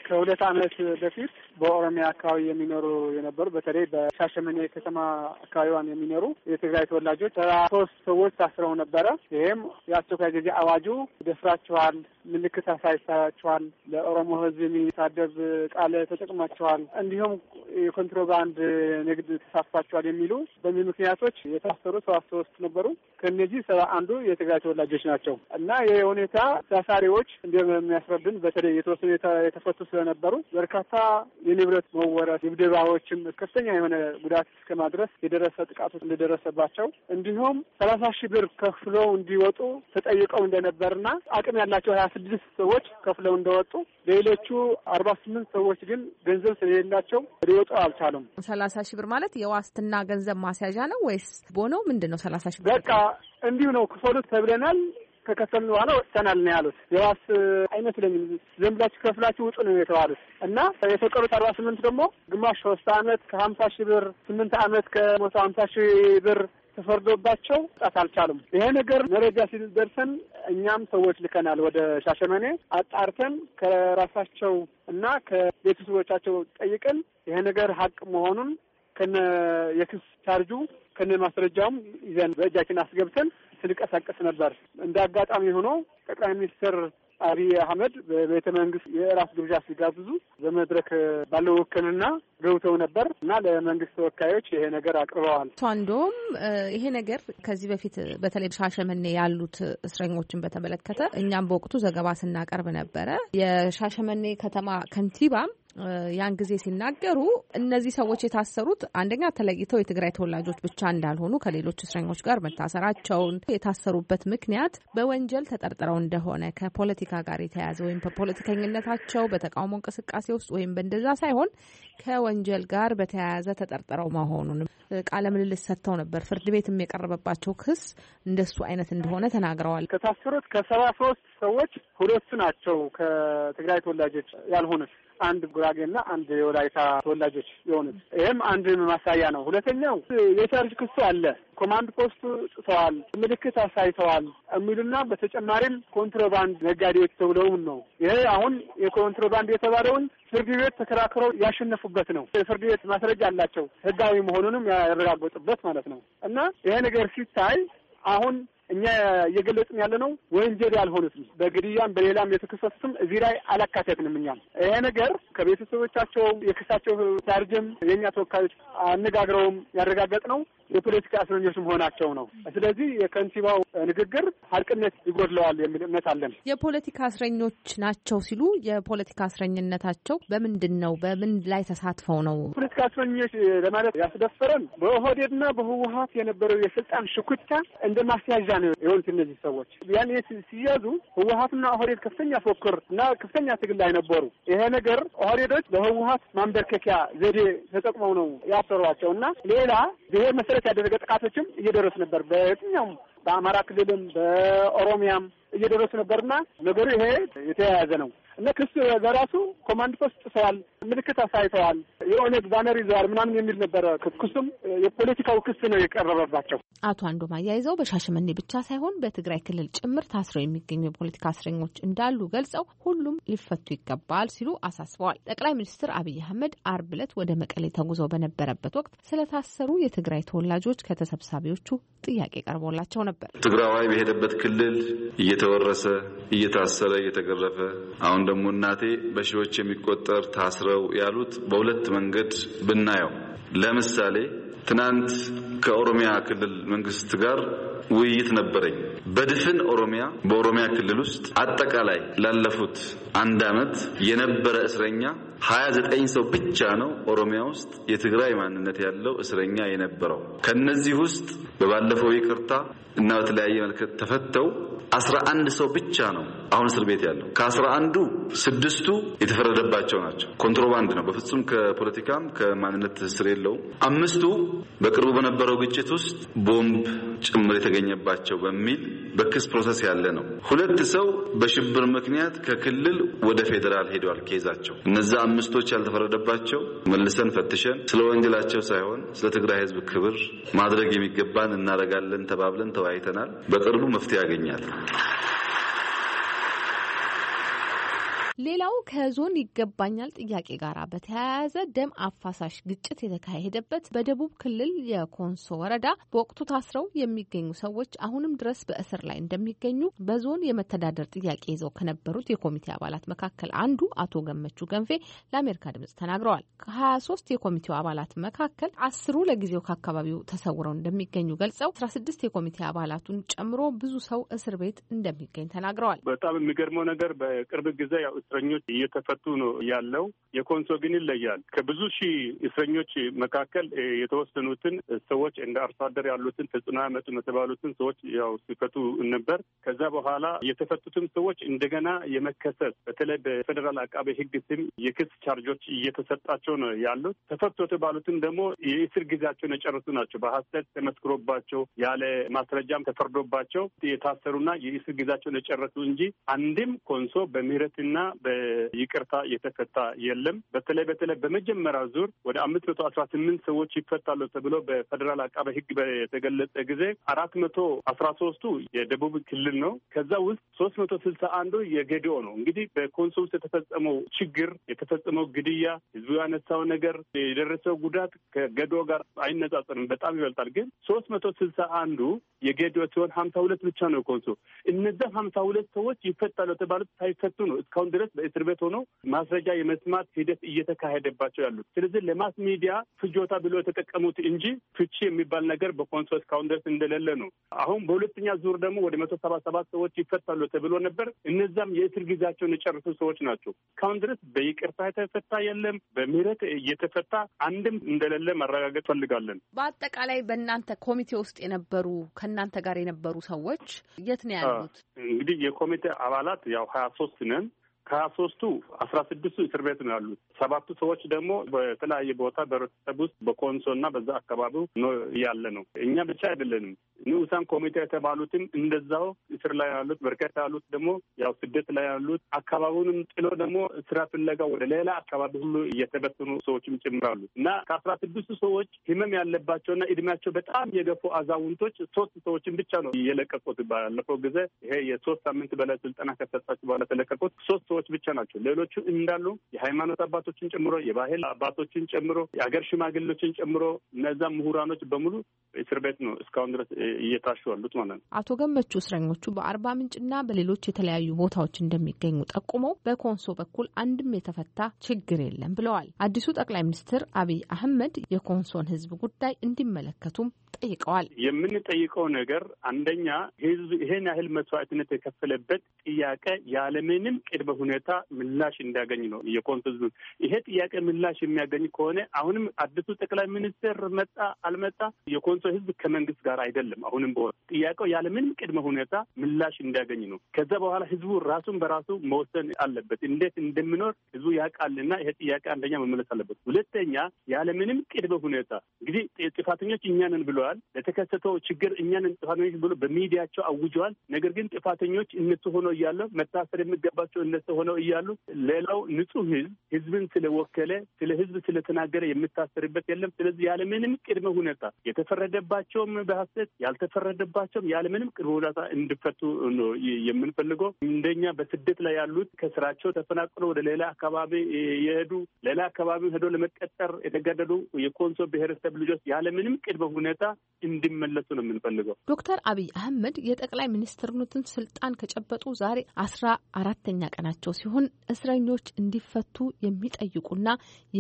ከሁለት ዓመት በፊት በኦሮሚያ አካባቢ የሚኖሩ የነበሩ በተለይ በሻሸመኔ ከተማ አካባቢዋን የሚኖሩ የትግራይ ተወላጆች ሶስት ሰዎች ታስረው ነበረ። ይህም የአስቸኳይ ጊዜ አዋጁ ደፍራችኋል፣ ምልክት አሳይታችኋል፣ ለኦሮሞ ሕዝብ የሚሳደብ ቃል ተጠቅማችኋል፣ እንዲሁም የኮንትሮባንድ ንግድ ተሳትፋችኋል የሚሉ በሚል ምክንያቶች የታሰሩ ሰባት ሶስት ነበሩ። ከእነዚህ ሰባ አንዱ የትግራይ ተወላጆች ናቸው እና ይህ ሁኔታ ታሳሪዎች እንደሚያስረብን በተለይ የተወሰኑ የተፈቱ ስለነበሩ በርካታ የንብረት መወረት ድብደባዎችም ከፍተኛ የሆነ ጉዳት እስከ ማድረስ የደረሰ ጥቃቶች እንደደረሰባቸው እንዲሁም ሰላሳ ሺህ ብር ከፍለው እንዲወጡ ተጠይቀው እንደነበርና አቅም ያላቸው ሀያ ስድስት ሰዎች ከፍለው እንደወጡ ሌሎቹ አርባ ስምንት ሰዎች ግን ገንዘብ ስለሌላቸው ሊወጡ አልቻሉም። ሰላሳ ሺህ ብር ማለት የዋስትና ገንዘብ ማስያዣ ነው ወይስ ቦኖ ምንድን ነው? ሰላሳ ሺህ ብር በቃ እንዲሁ ነው ክፈሉት ተብለናል። ከከፈልን በኋላ ወጥተናል ነው ያሉት። የዋስ አይመስለኝም ዝም ብላችሁ ከፍላችሁ ውጡ ነው የተባሉት እና የተቀሩት አርባ ስምንት ደግሞ ግማሽ ሶስት አመት ከሀምሳ ሺህ ብር ስምንት አመት ከመቶ ሀምሳ ሺህ ብር ተፈርዶባቸው ጣት አልቻሉም። ይሄ ነገር መረጃ ሲደርሰን እኛም ሰዎች ልከናል ወደ ሻሸመኔ አጣርተን ከራሳቸው እና ከቤተሰቦቻቸው ጠይቀን ይሄ ነገር ሀቅ መሆኑን ከነ የክስ ቻርጁ ከነ ማስረጃውም ይዘን በእጃችን አስገብተን ስንቀሳቀስ ነበር። እንደ አጋጣሚ ሆኖ ጠቅላይ ሚኒስትር አብይ አህመድ በቤተ መንግስት የእራት ግብዣ ሲጋብዙ በመድረክ ባለው ውክልና ገብተው ነበር እና ለመንግስት ተወካዮች ይሄ ነገር አቅርበዋል። እሷ እንደውም ይሄ ነገር ከዚህ በፊት በተለይ ሻሸመኔ ያሉት እስረኞችን በተመለከተ እኛም በወቅቱ ዘገባ ስናቀርብ ነበረ። የሻሸመኔ ከተማ ከንቲባም ያን ጊዜ ሲናገሩ እነዚህ ሰዎች የታሰሩት አንደኛ ተለይተው የትግራይ ተወላጆች ብቻ እንዳልሆኑ ከሌሎች እስረኞች ጋር መታሰራቸውን፣ የታሰሩበት ምክንያት በወንጀል ተጠርጥረው እንደሆነ ከፖለቲካ ጋር የተያያዘ ወይም በፖለቲከኝነታቸው በተቃውሞ እንቅስቃሴ ውስጥ ወይም በእንደዛ ሳይሆን ከወንጀል ጋር በተያያዘ ተጠርጥረው መሆኑን ቃለ ምልልስ ሰጥተው ነበር። ፍርድ ቤትም የቀረበባቸው ክስ እንደሱ አይነት እንደሆነ ተናግረዋል። ከታሰሩት ከሰባ ሶስት ሰዎች ሁለቱ ናቸው ከትግራይ ተወላጆች ያልሆኑት አንድ ጉራጌና አንድ የወላይታ ተወላጆች የሆኑት። ይህም አንድ ማሳያ ነው። ሁለተኛው የቻርጅ ክሱ አለ። ኮማንድ ፖስቱ ጥተዋል፣ ምልክት አሳይተዋል የሚሉና በተጨማሪም ኮንትሮባንድ ነጋዴዎች ተብለውም ነው። ይሄ አሁን የኮንትሮባንድ የተባለውን ፍርድ ቤት ተከራክረው ያሸነፉበት ነው። የፍርድ ቤት ማስረጃ አላቸው፣ ህጋዊ መሆኑንም ያረጋገጡበት ማለት ነው። እና ይሄ ነገር ሲታይ አሁን እኛ እየገለጽን ያለ ነው ወንጀል ያልሆኑትም በግድያም በሌላም የተከሰሱትም እዚህ ላይ አላካተትንም። እኛም ይሄ ነገር ከቤተሰቦቻቸው የክሳቸው ሲያርጅም የእኛ ተወካዮች አነጋግረውም ያረጋገጥ ነው የፖለቲካ እስረኞች መሆናቸው ነው። ስለዚህ የከንቲባው ንግግር ሀልቅነት ይጎድለዋል የሚል እምነት አለን። የፖለቲካ እስረኞች ናቸው ሲሉ የፖለቲካ እስረኝነታቸው በምንድን ነው? በምን ላይ ተሳትፈው ነው ፖለቲካ እስረኞች ለማለት ያስደፈረን? በኦህዴድና በህወሀት የነበረው የስልጣን ሽኩቻ እንደ ማስያዣ ነው የሆኑት እነዚህ ሰዎች። ያኔ ሲያዙ ህወሀትና ኦህዴድ ከፍተኛ ፎክር እና ከፍተኛ ትግል ላይ ነበሩ። ይሄ ነገር ኦህዴዶች ለህወሀት ማንበርከኪያ ዘዴ ተጠቅመው ነው ያሰሯቸው እና ሌላ ብሔር መሰረት ያደረገ ጥቃቶችም እየደረሱ ነበር በየትኛውም በአማራ ክልልም በኦሮሚያም እየደረሱ ነበርና ነገሩ ይሄ የተያያዘ ነው እና ክስ በራሱ ኮማንድ ፖስት ጥሰዋል፣ ምልክት አሳይተዋል፣ የኦነግ ባነር ይዘዋል ምናምን የሚል ነበረ። ክሱም የፖለቲካው ክስ ነው የቀረበባቸው። አቶ አንዱም አያይዘው በሻሸመኔ ብቻ ሳይሆን በትግራይ ክልል ጭምር ታስረው የሚገኙ የፖለቲካ እስረኞች እንዳሉ ገልጸው ሁሉም ሊፈቱ ይገባል ሲሉ አሳስበዋል። ጠቅላይ ሚኒስትር አብይ አህመድ አርብ ዕለት ወደ መቀሌ ተጉዘው በነበረበት ወቅት ስለታሰሩ የትግራይ ተወላጆች ከተሰብሳቢዎቹ ጥያቄ ቀርቦላቸው ነበር። ትግራዋይ በሄደበት ክልል እየተወረሰ እየታሰረ እየተገረፈ አሁን ደግሞ እናቴ በሺዎች የሚቆጠር ታስረው ያሉት በሁለት መንገድ ብናየው ለምሳሌ ትናንት ከኦሮሚያ ክልል መንግስት ጋር ውይይት ነበረኝ። በድፍን ኦሮሚያ በኦሮሚያ ክልል ውስጥ አጠቃላይ ላለፉት አንድ ዓመት የነበረ እስረኛ ሀያ ዘጠኝ ሰው ብቻ ነው ኦሮሚያ ውስጥ የትግራይ ማንነት ያለው እስረኛ የነበረው። ከነዚህ ውስጥ በባለፈው ይቅርታ እና በተለያየ መልከት ተፈተው አስራ አንድ ሰው ብቻ ነው አሁን እስር ቤት ያለው ከአስራ አንዱ ስድስቱ የተፈረደባቸው ናቸው። ኮንትሮባንድ ነው፣ በፍጹም ከፖለቲካም ከማንነት ትስስር የለውም። አምስቱ በቅርቡ በነበረው ግጭት ውስጥ ቦምብ ጭምር የተገኘባቸው በሚል በክስ ፕሮሰስ ያለ ነው። ሁለት ሰው በሽብር ምክንያት ከክልል ወደ ፌዴራል ሄደዋል ኬዛቸው። እነዛ አምስቶች ያልተፈረደባቸው መልሰን ፈትሸን ስለ ወንጀላቸው ሳይሆን ስለ ትግራይ ሕዝብ ክብር ማድረግ የሚገባን እናደርጋለን ተባብለን ተወያይተናል። በቅርቡ መፍትሄ ያገኛል። ሌላው ከዞን ይገባኛል ጥያቄ ጋር በተያያዘ ደም አፋሳሽ ግጭት የተካሄደበት በደቡብ ክልል የኮንሶ ወረዳ በወቅቱ ታስረው የሚገኙ ሰዎች አሁንም ድረስ በእስር ላይ እንደሚገኙ በዞን የመተዳደር ጥያቄ ይዘው ከነበሩት የኮሚቴ አባላት መካከል አንዱ አቶ ገመቹ ገንፌ ለአሜሪካ ድምጽ ተናግረዋል። ከሀያ ሶስት የኮሚቴው አባላት መካከል አስሩ ለጊዜው ከአካባቢው ተሰውረው እንደሚገኙ ገልጸው አስራ ስድስት የኮሚቴ አባላቱን ጨምሮ ብዙ ሰው እስር ቤት እንደሚገኝ ተናግረዋል። በጣም የሚገርመው ነገር በቅርብ ጊዜ ያው እስረኞች እየተፈቱ ነው ያለው። የኮንሶ ግን ይለያል። ከብዙ ሺህ እስረኞች መካከል የተወሰኑትን ሰዎች እንደ አርሶ አደር ያሉትን ተጽዕኖ ያመጡ የተባሉትን ሰዎች ያው ሲፈቱ ነበር። ከዛ በኋላ የተፈቱትም ሰዎች እንደገና የመከሰስ በተለይ በፌዴራል አቃቤ ሕግ ስም የክስ ቻርጆች እየተሰጣቸው ነው ያሉት። ተፈቶ የተባሉትም ደግሞ የእስር ጊዜያቸውን የጨረሱ ናቸው። በሀሰት ተመስክሮባቸው ያለ ማስረጃም ተፈርዶባቸው የታሰሩና የእስር ጊዜያቸውን የጨረሱ እንጂ አንድም ኮንሶ በምህረትና በይቅርታ የተፈታ የለም። በተለይ በተለይ በመጀመሪያ ዙር ወደ አምስት መቶ አስራ ስምንት ሰዎች ይፈታሉ ተብሎ በፌደራል አቃቤ ሕግ በተገለጸ ጊዜ አራት መቶ አስራ ሶስቱ የደቡብ ክልል ነው። ከዛ ውስጥ ሶስት መቶ ስልሳ አንዱ የገዲኦ ነው። እንግዲህ በኮንሶ ውስጥ የተፈጸመው ችግር የተፈጸመው ግድያ፣ ህዝቡ ያነሳው ነገር፣ የደረሰው ጉዳት ከገዲኦ ጋር አይነጻጸርም፣ በጣም ይበልጣል። ግን ሶስት መቶ ስልሳ አንዱ የጌዲዮ ሲሆን ሀምሳ ሁለት ብቻ ነው ኮንሶ። እነዚያ ሀምሳ ሁለት ሰዎች ይፈታሉ የተባሉት ሳይፈቱ ነው እስካሁን ድረስ በእስር ቤት ሆነው ማስረጃ የመስማት ሂደት እየተካሄደባቸው ያሉት። ስለዚህ ለማስ ሚዲያ ፍጆታ ብሎ የተጠቀሙት እንጂ ፍቺ የሚባል ነገር በኮንሶ እስካሁን ድረስ እንደሌለ ነው። አሁን በሁለተኛ ዙር ደግሞ ወደ መቶ ሰባ ሰባት ሰዎች ይፈታሉ ተብሎ ነበር። እነዛም የእስር ጊዜያቸውን የጨረሱ ሰዎች ናቸው። እስካሁን ድረስ በይቅርታ የተፈታ የለም፣ በምህረት እየተፈታ አንድም እንደሌለ ማረጋገጥ ፈልጋለን። በአጠቃላይ በእናንተ ኮሚቴ ውስጥ የነበሩ ከእናንተ ጋር የነበሩ ሰዎች የት ነው ያሉት? እንግዲህ የኮሚቴ አባላት ያው ሀያ ሶስት ነን ከሀያ ሶስቱ አስራ ስድስቱ እስር ቤት ነው ያሉት። ሰባቱ ሰዎች ደግሞ በተለያየ ቦታ በህብረተሰብ ውስጥ በኮንሶ እና በዛ አካባቢው ነው ያለ ነው። እኛ ብቻ አይደለንም። ንዑሳን ኮሚቴ የተባሉትም እንደዛው እስር ላይ ያሉት በርከት ያሉት ደግሞ ያው ስደት ላይ ያሉት አካባቢውንም ጥሎ ደግሞ ስራ ፍለጋ ወደ ሌላ አካባቢ ሁሉ እየተበተኑ ሰዎችም ጭምራሉ እና ከአስራ ስድስቱ ሰዎች ህመም ያለባቸውና እድሜያቸው በጣም የገፉ አዛውንቶች ሶስት ሰዎችን ብቻ ነው የለቀቁት። ባለፈው ጊዜ ይሄ የሶስት ሳምንት በላይ ስልጠና ከሰጣቸው በኋላ ተለቀቁት ሶስት ሰዎች ብቻ ናቸው። ሌሎቹ እንዳሉ የሃይማኖት አባቶችን ጨምሮ፣ የባህል አባቶችን ጨምሮ፣ የሀገር ሽማግሌዎችን ጨምሮ እነዛ ምሁራኖች በሙሉ እስር ቤት ነው እስካሁን ድረስ እየታሹ ያሉት ማለት ነው። አቶ ገመቹ እስረኞቹ በአርባ ምንጭና በሌሎች የተለያዩ ቦታዎች እንደሚገኙ ጠቁመው በኮንሶ በኩል አንድም የተፈታ ችግር የለም ብለዋል። አዲሱ ጠቅላይ ሚኒስትር አብይ አህመድ የኮንሶን ህዝብ ጉዳይ እንዲመለከቱም ጠይቀዋል። የምንጠይቀው ነገር አንደኛ ሕዝብ ይህን ያህል መስዋዕትነት የከፈለበት ጥያቄ ያለምንም ቅድመ ሁኔታ ምላሽ እንዳገኝ ነው የኮንሶ ህዝብ። ይሄ ጥያቄ ምላሽ የሚያገኝ ከሆነ አሁንም አዲሱ ጠቅላይ ሚኒስትር መጣ አልመጣ የኮንሶ ህዝብ ከመንግስት ጋር አይደለም። አሁንም በሆነ ጥያቄው ያለምንም ቅድመ ሁኔታ ምላሽ እንዲያገኝ ነው። ከዛ በኋላ ህዝቡ ራሱን በራሱ መወሰን አለበት። እንዴት እንደሚኖር ህዝቡ ያውቃልና ይሄ ጥያቄ አንደኛ መመለስ አለበት። ሁለተኛ ያለምንም ቅድመ ሁኔታ እንግዲህ ጥፋተኞች እኛንን ብለዋል። ለተከሰተው ችግር እኛንን ጥፋተኞች ብሎ በሚዲያቸው አውጀዋል። ነገር ግን ጥፋተኞች እነሱ ሆኖ እያለ መታሰር የሚገባቸው እነሱ ሆነው እያሉ ሌላው ንጹህ ህዝብ ህዝብን ስለወከለ ስለ ህዝብ ስለተናገረ የምታሰርበት የለም። ስለዚህ ያለምንም ቅድመ ሁኔታ የተፈረደባቸውም በሀሰት ያልተፈረደባቸውም ያለምንም ቅድመ ሁኔታ እንዲፈቱ ነው የምንፈልገው። እንደኛ በስደት ላይ ያሉት ከስራቸው ተፈናቅሎ ወደ ሌላ አካባቢ የሄዱ ሌላ አካባቢ ሄዶ ለመቀጠር የተገደዱ የኮንሶ ብሔረሰብ ልጆች ያለምንም ቅድመ ሁኔታ እንዲመለሱ ነው የምንፈልገው። ዶክተር አብይ አህመድ የጠቅላይ ሚኒስትርነትን ስልጣን ከጨበጡ ዛሬ አስራ አራተኛ ቀናቸው ያላቸው ሲሆን እስረኞች እንዲፈቱ የሚጠይቁና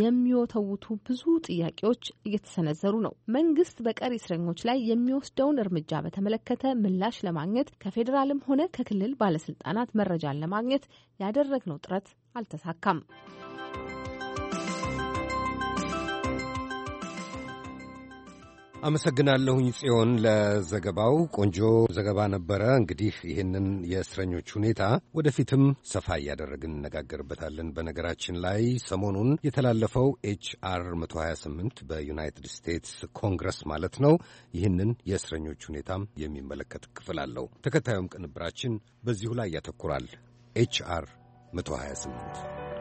የሚወተውቱ ብዙ ጥያቄዎች እየተሰነዘሩ ነው። መንግስት በቀሪ እስረኞች ላይ የሚወስደውን እርምጃ በተመለከተ ምላሽ ለማግኘት ከፌዴራልም ሆነ ከክልል ባለስልጣናት መረጃን ለማግኘት ያደረግነው ጥረት አልተሳካም። አመሰግናለሁኝ ጽዮን ለዘገባው። ቆንጆ ዘገባ ነበረ። እንግዲህ ይህንን የእስረኞች ሁኔታ ወደፊትም ሰፋ እያደረግን እነጋገርበታለን። በነገራችን ላይ ሰሞኑን የተላለፈው ኤችአር 128 በዩናይትድ ስቴትስ ኮንግረስ ማለት ነው ይህንን የእስረኞች ሁኔታም የሚመለከት ክፍል አለው። ተከታዩም ቅንብራችን በዚሁ ላይ ያተኩራል። ኤችአር 128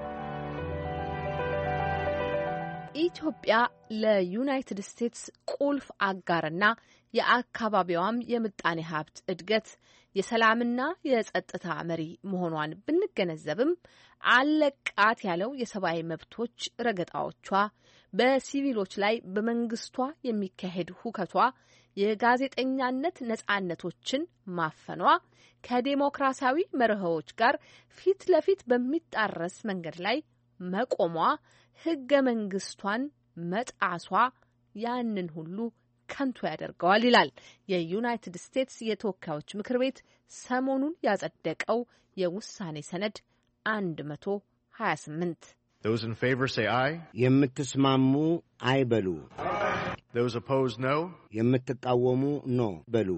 ኢትዮጵያ ለዩናይትድ ስቴትስ ቁልፍ አጋርና የአካባቢዋም የምጣኔ ሀብት እድገት የሰላምና የጸጥታ መሪ መሆኗን ብንገነዘብም አለቃት ያለው የሰብአዊ መብቶች ረገጣዎቿ፣ በሲቪሎች ላይ በመንግስቷ የሚካሄድ ሁከቷ፣ የጋዜጠኛነት ነጻነቶችን ማፈኗ ከዴሞክራሲያዊ መርሆዎች ጋር ፊት ለፊት በሚጣረስ መንገድ ላይ መቆሟ ህገ መንግስቷን መጣሷ ያንን ሁሉ ከንቱ ያደርገዋል ይላል የዩናይትድ ስቴትስ የተወካዮች ምክር ቤት ሰሞኑን ያጸደቀው የውሳኔ ሰነድ 128። የምትስማሙ አይ በሉ፣ የምትቃወሙ ኖ በሉ።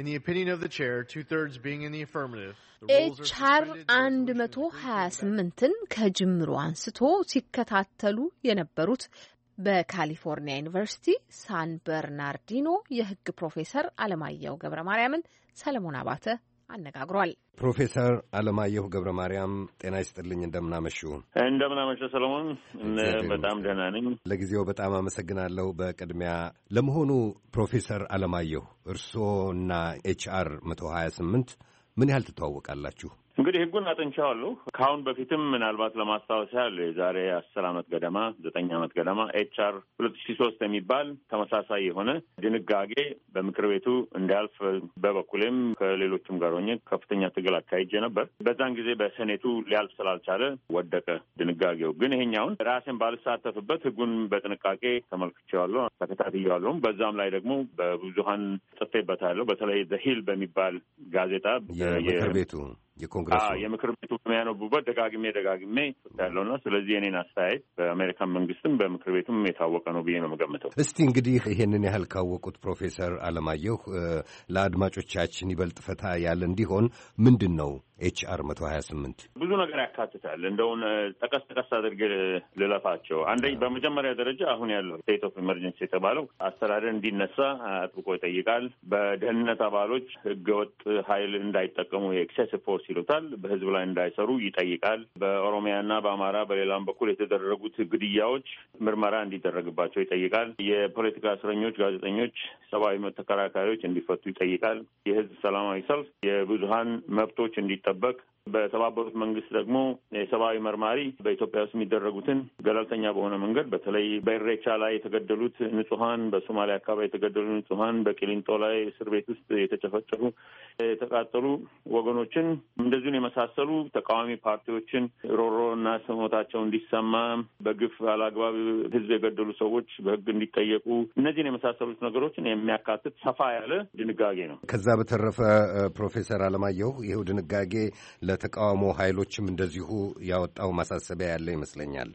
ኤችአር 128ን ከጅምሩ አንስቶ ሲከታተሉ የነበሩት በካሊፎርኒያ ዩኒቨርሲቲ ሳን በርናርዲኖ የሕግ ፕሮፌሰር አለማየሁ ገብረ ማርያምን ሰለሞን አባተ አነጋግሯል። ፕሮፌሰር አለማየሁ ገብረ ማርያም ጤና ይስጥልኝ። እንደምናመሹ እንደምናመሸ ሰለሞን። በጣም ደህና ነኝ። ለጊዜው በጣም አመሰግናለሁ። በቅድሚያ ለመሆኑ ፕሮፌሰር አለማየሁ እርስዎና ኤችአር መቶ ሀያ ስምንት ምን ያህል ትተዋወቃላችሁ? እንግዲህ ህጉን አጥንቻዋለሁ። ከአሁን በፊትም ምናልባት ለማስታወስ ያህል የዛሬ አስር አመት ገደማ ዘጠኝ አመት ገደማ ኤች አር ሁለት ሺ ሶስት የሚባል ተመሳሳይ የሆነ ድንጋጌ በምክር ቤቱ እንዲያልፍ በበኩሌም ከሌሎችም ጋር ሆኜ ከፍተኛ ትግል አካሄጄ ነበር። በዛን ጊዜ በሴኔቱ ሊያልፍ ስላልቻለ ወደቀ ድንጋጌው። ግን ይሄኛውን ራሴን ባልሳተፍበት ህጉን በጥንቃቄ ተመልክቼዋለሁ፣ ተከታትያዋለሁም። በዛም ላይ ደግሞ በብዙሀን ጽፌበታለሁ። በተለይ ዘሂል በሚባል ጋዜጣ የምክር ቤቱ የኮንግረሱ የምክር ቤቱ በሚያነቡበት ደጋግሜ ደጋግሜ ያለውና ስለዚህ የኔን አስተያየት በአሜሪካን መንግስትም በምክር ቤቱም የታወቀ ነው ብዬ ነው የምገምተው። እስቲ እንግዲህ ይሄንን ያህል ካወቁት ፕሮፌሰር አለማየሁ ለአድማጮቻችን ይበልጥ ፈታ ያለ እንዲሆን ምንድን ነው ኤች አር መቶ ሀያ ስምንት ብዙ ነገር ያካትታል። እንደውን ጠቀስ ጠቀስ አድርግ ልለፋቸው። አንደ በመጀመሪያ ደረጃ አሁን ያለው ስቴት ኦፍ ኤመርጀንሲ የተባለው አስተዳደር እንዲነሳ አጥብቆ ይጠይቃል። በደህንነት አባሎች ህገወጥ ኃይል እንዳይጠቀሙ የኤክሴሲቭ ፎርስ ይሉታል፣ በህዝብ ላይ እንዳይሰሩ ይጠይቃል። በኦሮሚያና በአማራ በሌላም በኩል የተደረጉት ግድያዎች ምርመራ እንዲደረግባቸው ይጠይቃል። የፖለቲካ እስረኞች፣ ጋዜጠኞች፣ ሰብአዊ መብት ተከራካሪዎች እንዲፈቱ ይጠይቃል። የህዝብ ሰላማዊ ሰልፍ፣ የብዙሀን መብቶች እንዲ እንዲጠበቅ በተባበሩት መንግስት ደግሞ የሰብአዊ መርማሪ በኢትዮጵያ ውስጥ የሚደረጉትን ገለልተኛ በሆነ መንገድ በተለይ በኢሬቻ ላይ የተገደሉት ንጹሀን፣ በሶማሊያ አካባቢ የተገደሉ ንጹሀን፣ በቂሊንጦ ላይ እስር ቤት ውስጥ የተጨፈጨፉ የተቃጠሉ ወገኖችን እንደዚሁን የመሳሰሉ ተቃዋሚ ፓርቲዎችን ሮሮ እና ስሞታቸው እንዲሰማ በግፍ አላግባብ ህዝብ የገደሉ ሰዎች በህግ እንዲጠየቁ እነዚህን የመሳሰሉት ነገሮችን የሚያካትት ሰፋ ያለ ድንጋጌ ነው። ከዛ በተረፈ ፕሮፌሰር አለማየሁ ይኸው ድንጋጌ ለተቃውሞ ኃይሎችም እንደዚሁ ያወጣው ማሳሰቢያ ያለ ይመስለኛል።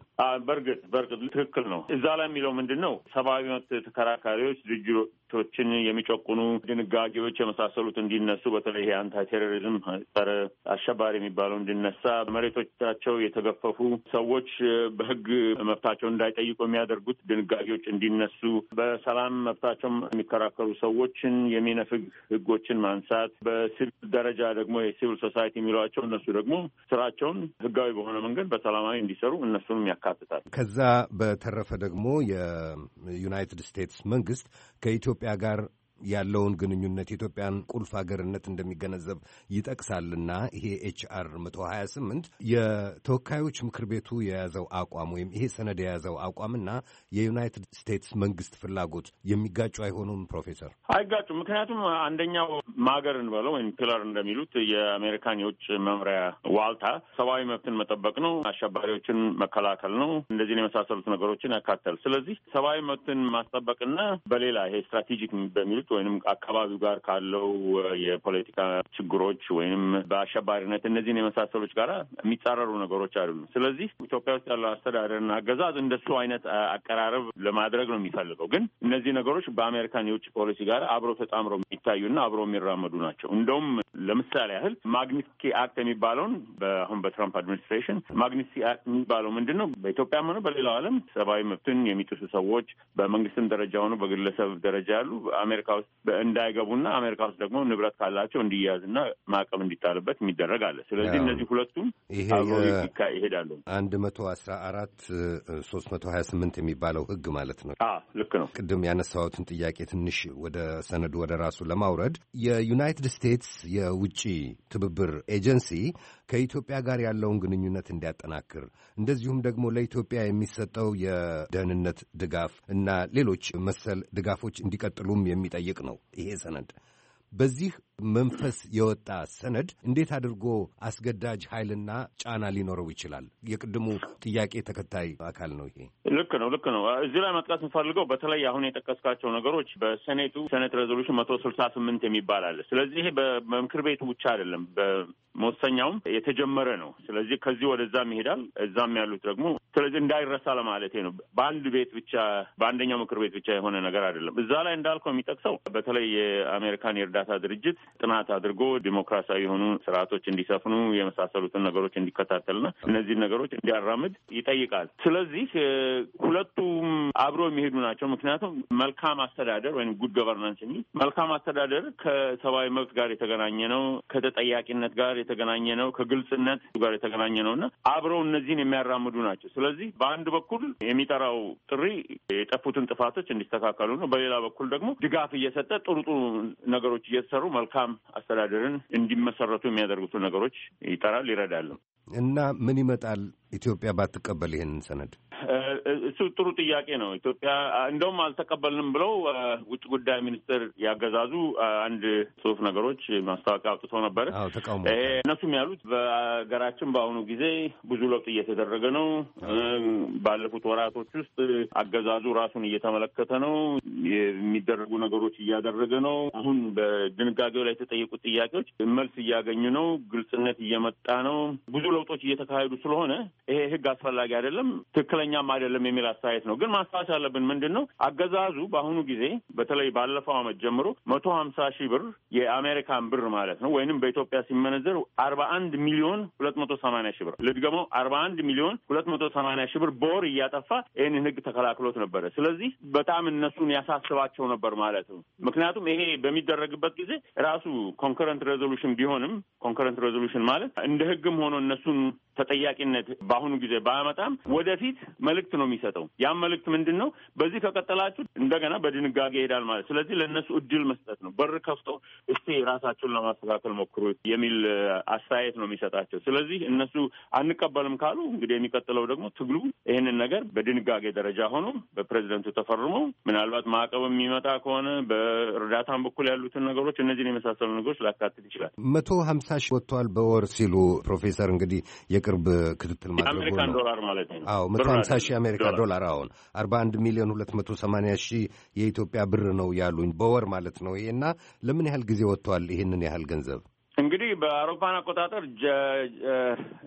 በእርግጥ በእርግጥ ትክክል ነው። እዛ ላይ የሚለው ምንድን ነው? ሰብአዊ መብት ተከራካሪዎች መብቶችን የሚጨቁኑ ድንጋጌዎች የመሳሰሉት እንዲነሱ በተለይ የአንታይ ቴሮሪዝም ጸረ አሸባሪ የሚባለው እንዲነሳ መሬቶቻቸው የተገፈፉ ሰዎች በህግ መብታቸው እንዳይጠይቁ የሚያደርጉት ድንጋጌዎች እንዲነሱ በሰላም መብታቸው የሚከራከሩ ሰዎችን የሚነፍግ ህጎችን ማንሳት በሲቪል ደረጃ ደግሞ የሲቪል ሶሳይቲ የሚሏቸው እነሱ ደግሞ ስራቸውን ህጋዊ በሆነ መንገድ በሰላማዊ እንዲሰሩ እነሱንም ያካትታል። ከዛ በተረፈ ደግሞ የዩናይትድ ስቴትስ መንግስት ከኢትዮ ከኢትዮጵያ ጋር ያለውን ግንኙነት የኢትዮጵያን ቁልፍ ሀገርነት እንደሚገነዘብ ይጠቅሳልና ይሄ ኤችአር 128 የተወካዮች ምክር ቤቱ የያዘው አቋም ወይም ይሄ ሰነድ የያዘው አቋምና የዩናይትድ ስቴትስ መንግስት ፍላጎት የሚጋጩ አይሆኑም? ፕሮፌሰር አይጋጩም። ምክንያቱም አንደኛው ማገር እንበለው ወይም ፒለር እንደሚሉት የአሜሪካን የውጭ መምሪያ ዋልታ ሰብአዊ መብትን መጠበቅ ነው፣ አሸባሪዎችን መከላከል ነው፣ እንደዚህ የመሳሰሉት ነገሮችን ያካተል። ስለዚህ ሰብአዊ መብትን ማስጠበቅና በሌላ ይሄ ስትራቴጂክ በሚሉት ወይም አካባቢው ጋር ካለው የፖለቲካ ችግሮች ወይም በአሸባሪነት እነዚህን የመሳሰሎች ጋር የሚጻረሩ ነገሮች አይደሉም። ስለዚህ ኢትዮጵያ ውስጥ ያለው አስተዳደርና አገዛዝ እንደሱ አይነት አቀራረብ ለማድረግ ነው የሚፈልገው። ግን እነዚህ ነገሮች በአሜሪካን የውጭ ፖሊሲ ጋር አብረው ተጣምረው የሚታዩና አብረው የሚራመዱ ናቸው። እንደውም ለምሳሌ ያህል ማግኒስኪ አክት የሚባለውን በአሁን በትራምፕ አድሚኒስትሬሽን ማግኒስኪ አክት የሚባለው ምንድን ነው? በኢትዮጵያም ሆነ በሌላው ዓለም ሰብአዊ መብትን የሚጥሱ ሰዎች በመንግስትም ደረጃ ሆነ በግለሰብ ደረጃ ያሉ አሜሪካ ውስጥ እንዳይገቡና አሜሪካ ውስጥ ደግሞ ንብረት ካላቸው እንዲያዝና ማዕቀብ እንዲጣልበት የሚደረግ አለ። ስለዚህ እነዚህ ሁለቱም አብሮ ይሄዳሉ። አንድ መቶ አስራ አራት ሶስት መቶ ሀያ ስምንት የሚባለው ህግ ማለት ነው። ልክ ነው። ቅድም ያነሳሁትን ጥያቄ ትንሽ ወደ ሰነዱ ወደ ራሱ ለማውረድ የዩናይትድ ስቴትስ የውጭ ትብብር ኤጀንሲ ከኢትዮጵያ ጋር ያለውን ግንኙነት እንዲያጠናክር እንደዚሁም ደግሞ ለኢትዮጵያ የሚሰጠው የደህንነት ድጋፍ እና ሌሎች መሰል ድጋፎች እንዲቀጥሉም የሚጠይቅ ነው ይሄ ሰነድ። በዚህ መንፈስ የወጣ ሰነድ እንዴት አድርጎ አስገዳጅ ኃይልና ጫና ሊኖረው ይችላል? የቅድሙ ጥያቄ ተከታይ አካል ነው። ይሄ ልክ ነው፣ ልክ ነው። እዚህ ላይ መጥቃት የምፈልገው በተለይ አሁን የጠቀስካቸው ነገሮች በሴኔቱ ሴኔት ሬዞሉሽን መቶ ስልሳ ስምንት የሚባል አለ። ስለዚህ ይሄ በምክር ቤቱ ብቻ አይደለም፣ በመወሰኛውም የተጀመረ ነው። ስለዚህ ከዚህ ወደዛም ይሄዳል፣ እዛም ያሉት ደግሞ ስለዚህ እንዳይረሳ ለማለት ነው። በአንድ ቤት ብቻ በአንደኛው ምክር ቤት ብቻ የሆነ ነገር አይደለም። እዛ ላይ እንዳልከው የሚጠቅሰው በተለይ የአሜሪካን የእርዳታ ድርጅት ጥናት አድርጎ ዲሞክራሲያዊ የሆኑ ስርዓቶች እንዲሰፍኑ የመሳሰሉትን ነገሮች እንዲከታተልና እነዚህን ነገሮች እንዲያራምድ ይጠይቃል። ስለዚህ ሁለቱም አብረው የሚሄዱ ናቸው። ምክንያቱም መልካም አስተዳደር ወይም ጉድ ገቨርናንስ የሚል መልካም አስተዳደር ከሰብአዊ መብት ጋር የተገናኘ ነው፣ ከተጠያቂነት ጋር የተገናኘ ነው፣ ከግልጽነት ጋር የተገናኘ ነው እና አብረው እነዚህን የሚያራምዱ ናቸው። ስለዚህ በአንድ በኩል የሚጠራው ጥሪ የጠፉትን ጥፋቶች እንዲስተካከሉ ነው። በሌላ በኩል ደግሞ ድጋፍ እየሰጠ ጥሩ ጥሩ ነገሮች እየተሰሩ መልካም መልካም አስተዳደርን እንዲመሰረቱ የሚያደርጉትን ነገሮች ይጠራል፣ ይረዳልም። እና ምን ይመጣል ኢትዮጵያ ባትቀበል ይህንን ሰነድ? እሱ ጥሩ ጥያቄ ነው። ኢትዮጵያ እንደውም አልተቀበልንም ብለው ውጭ ጉዳይ ሚኒስትር ያገዛዙ አንድ ጽሁፍ ነገሮች ማስታወቂያ አውጥቶ ነበር። እነሱም ያሉት በሀገራችን በአሁኑ ጊዜ ብዙ ለውጥ እየተደረገ ነው። ባለፉት ወራቶች ውስጥ አገዛዙ ራሱን እየተመለከተ ነው። የሚደረጉ ነገሮች እያደረገ ነው። አሁን በድንጋጌው ላይ የተጠየቁት ጥያቄዎች መልስ እያገኙ ነው። ግልጽነት እየመጣ ነው። ብዙ ለውጦች እየተካሄዱ ስለሆነ ይሄ ህግ አስፈላጊ አይደለም፣ ትክክለኛም አይደለም የሚል አስተያየት ነው። ግን ማስታወስ ያለብን ምንድን ነው አገዛዙ በአሁኑ ጊዜ በተለይ ባለፈው ዓመት ጀምሮ መቶ ሀምሳ ሺህ ብር የአሜሪካን ብር ማለት ነው ወይንም በኢትዮጵያ ሲመነዘር አርባ አንድ ሚሊዮን ሁለት መቶ ሰማኒያ ሺህ ብር ልድገመው፣ አርባ አንድ ሚሊዮን ሁለት መቶ ሰማኒያ ሺህ ብር በወር እያጠፋ ይህንን ህግ ተከላክሎት ነበረ። ስለዚህ በጣም እነሱን ያሳስባቸው ነበር ማለት ነው። ምክንያቱም ይሄ በሚደረግበት ጊዜ ራሱ ኮንከረንት ሬዞሉሽን ቢሆንም ኮንከረንት ሬዞሉሽን ማለት እንደ ህግም ሆኖ እነሱ የእነሱን ተጠያቂነት በአሁኑ ጊዜ ባያመጣም ወደፊት መልእክት ነው የሚሰጠው። ያም መልእክት ምንድን ነው? በዚህ ከቀጠላችሁ እንደገና በድንጋጌ ይሄዳል ማለት። ስለዚህ ለእነሱ እድል መስጠት ነው። በር ከፍቶ እስቲ ራሳችሁን ለማስተካከል ሞክሩ የሚል አስተያየት ነው የሚሰጣቸው። ስለዚህ እነሱ አንቀበልም ካሉ እንግዲህ የሚቀጥለው ደግሞ ትግሉ ይህንን ነገር በድንጋጌ ደረጃ ሆኖ በፕሬዚደንቱ ተፈርሞ ምናልባት ማዕቀብ የሚመጣ ከሆነ በእርዳታም በኩል ያሉትን ነገሮች እነዚህን የመሳሰሉ ነገሮች ላካትት ይችላል። መቶ ሀምሳ ሺህ ወጥተዋል በወር ሲሉ ፕሮፌሰር እንግዲህ እንግዲህ የቅርብ ክትትል ማድረጉ ነው። ዶላር ማለት ነው። አዎ መቶ ሀምሳ ሺህ አሜሪካ ዶላር አሁን አርባ አንድ ሚሊዮን ሁለት መቶ ሰማንያ ሺህ የኢትዮጵያ ብር ነው ያሉኝ በወር ማለት ነው። ይሄና ለምን ያህል ጊዜ ወጥቷል? ይህንን ያህል ገንዘብ እንግዲህ በአውሮፓን አቆጣጠር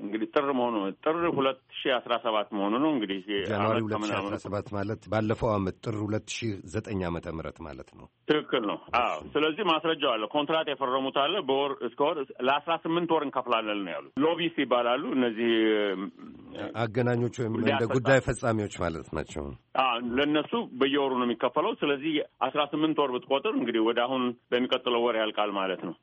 እንግዲህ ጥር መሆኑ ጥር ሁለት ሺ አስራ ሰባት መሆኑ ነው። እንግዲህ ጃንዋሪ ሁለት ሺ አስራ ሰባት ማለት ባለፈው አመት ጥር ሁለት ሺ ዘጠኝ አመተ ምህረት ማለት ነው። ትክክል ነው። አዎ። ስለዚህ ማስረጃው አለ። ኮንትራት የፈረሙት አለ። በወር እስከ ወር ለአስራ ስምንት ወር እንከፍላለን ነው ያሉት። ሎቢስ ይባላሉ እነዚህ አገናኞች ወይም እንደ ጉዳይ ፈጻሚዎች ማለት ናቸው። ለእነሱ በየወሩ ነው የሚከፈለው። ስለዚህ አስራ ስምንት ወር ብትቆጥር እንግዲህ ወደ አሁን በሚቀጥለው ወር ያልቃል ማለት ነው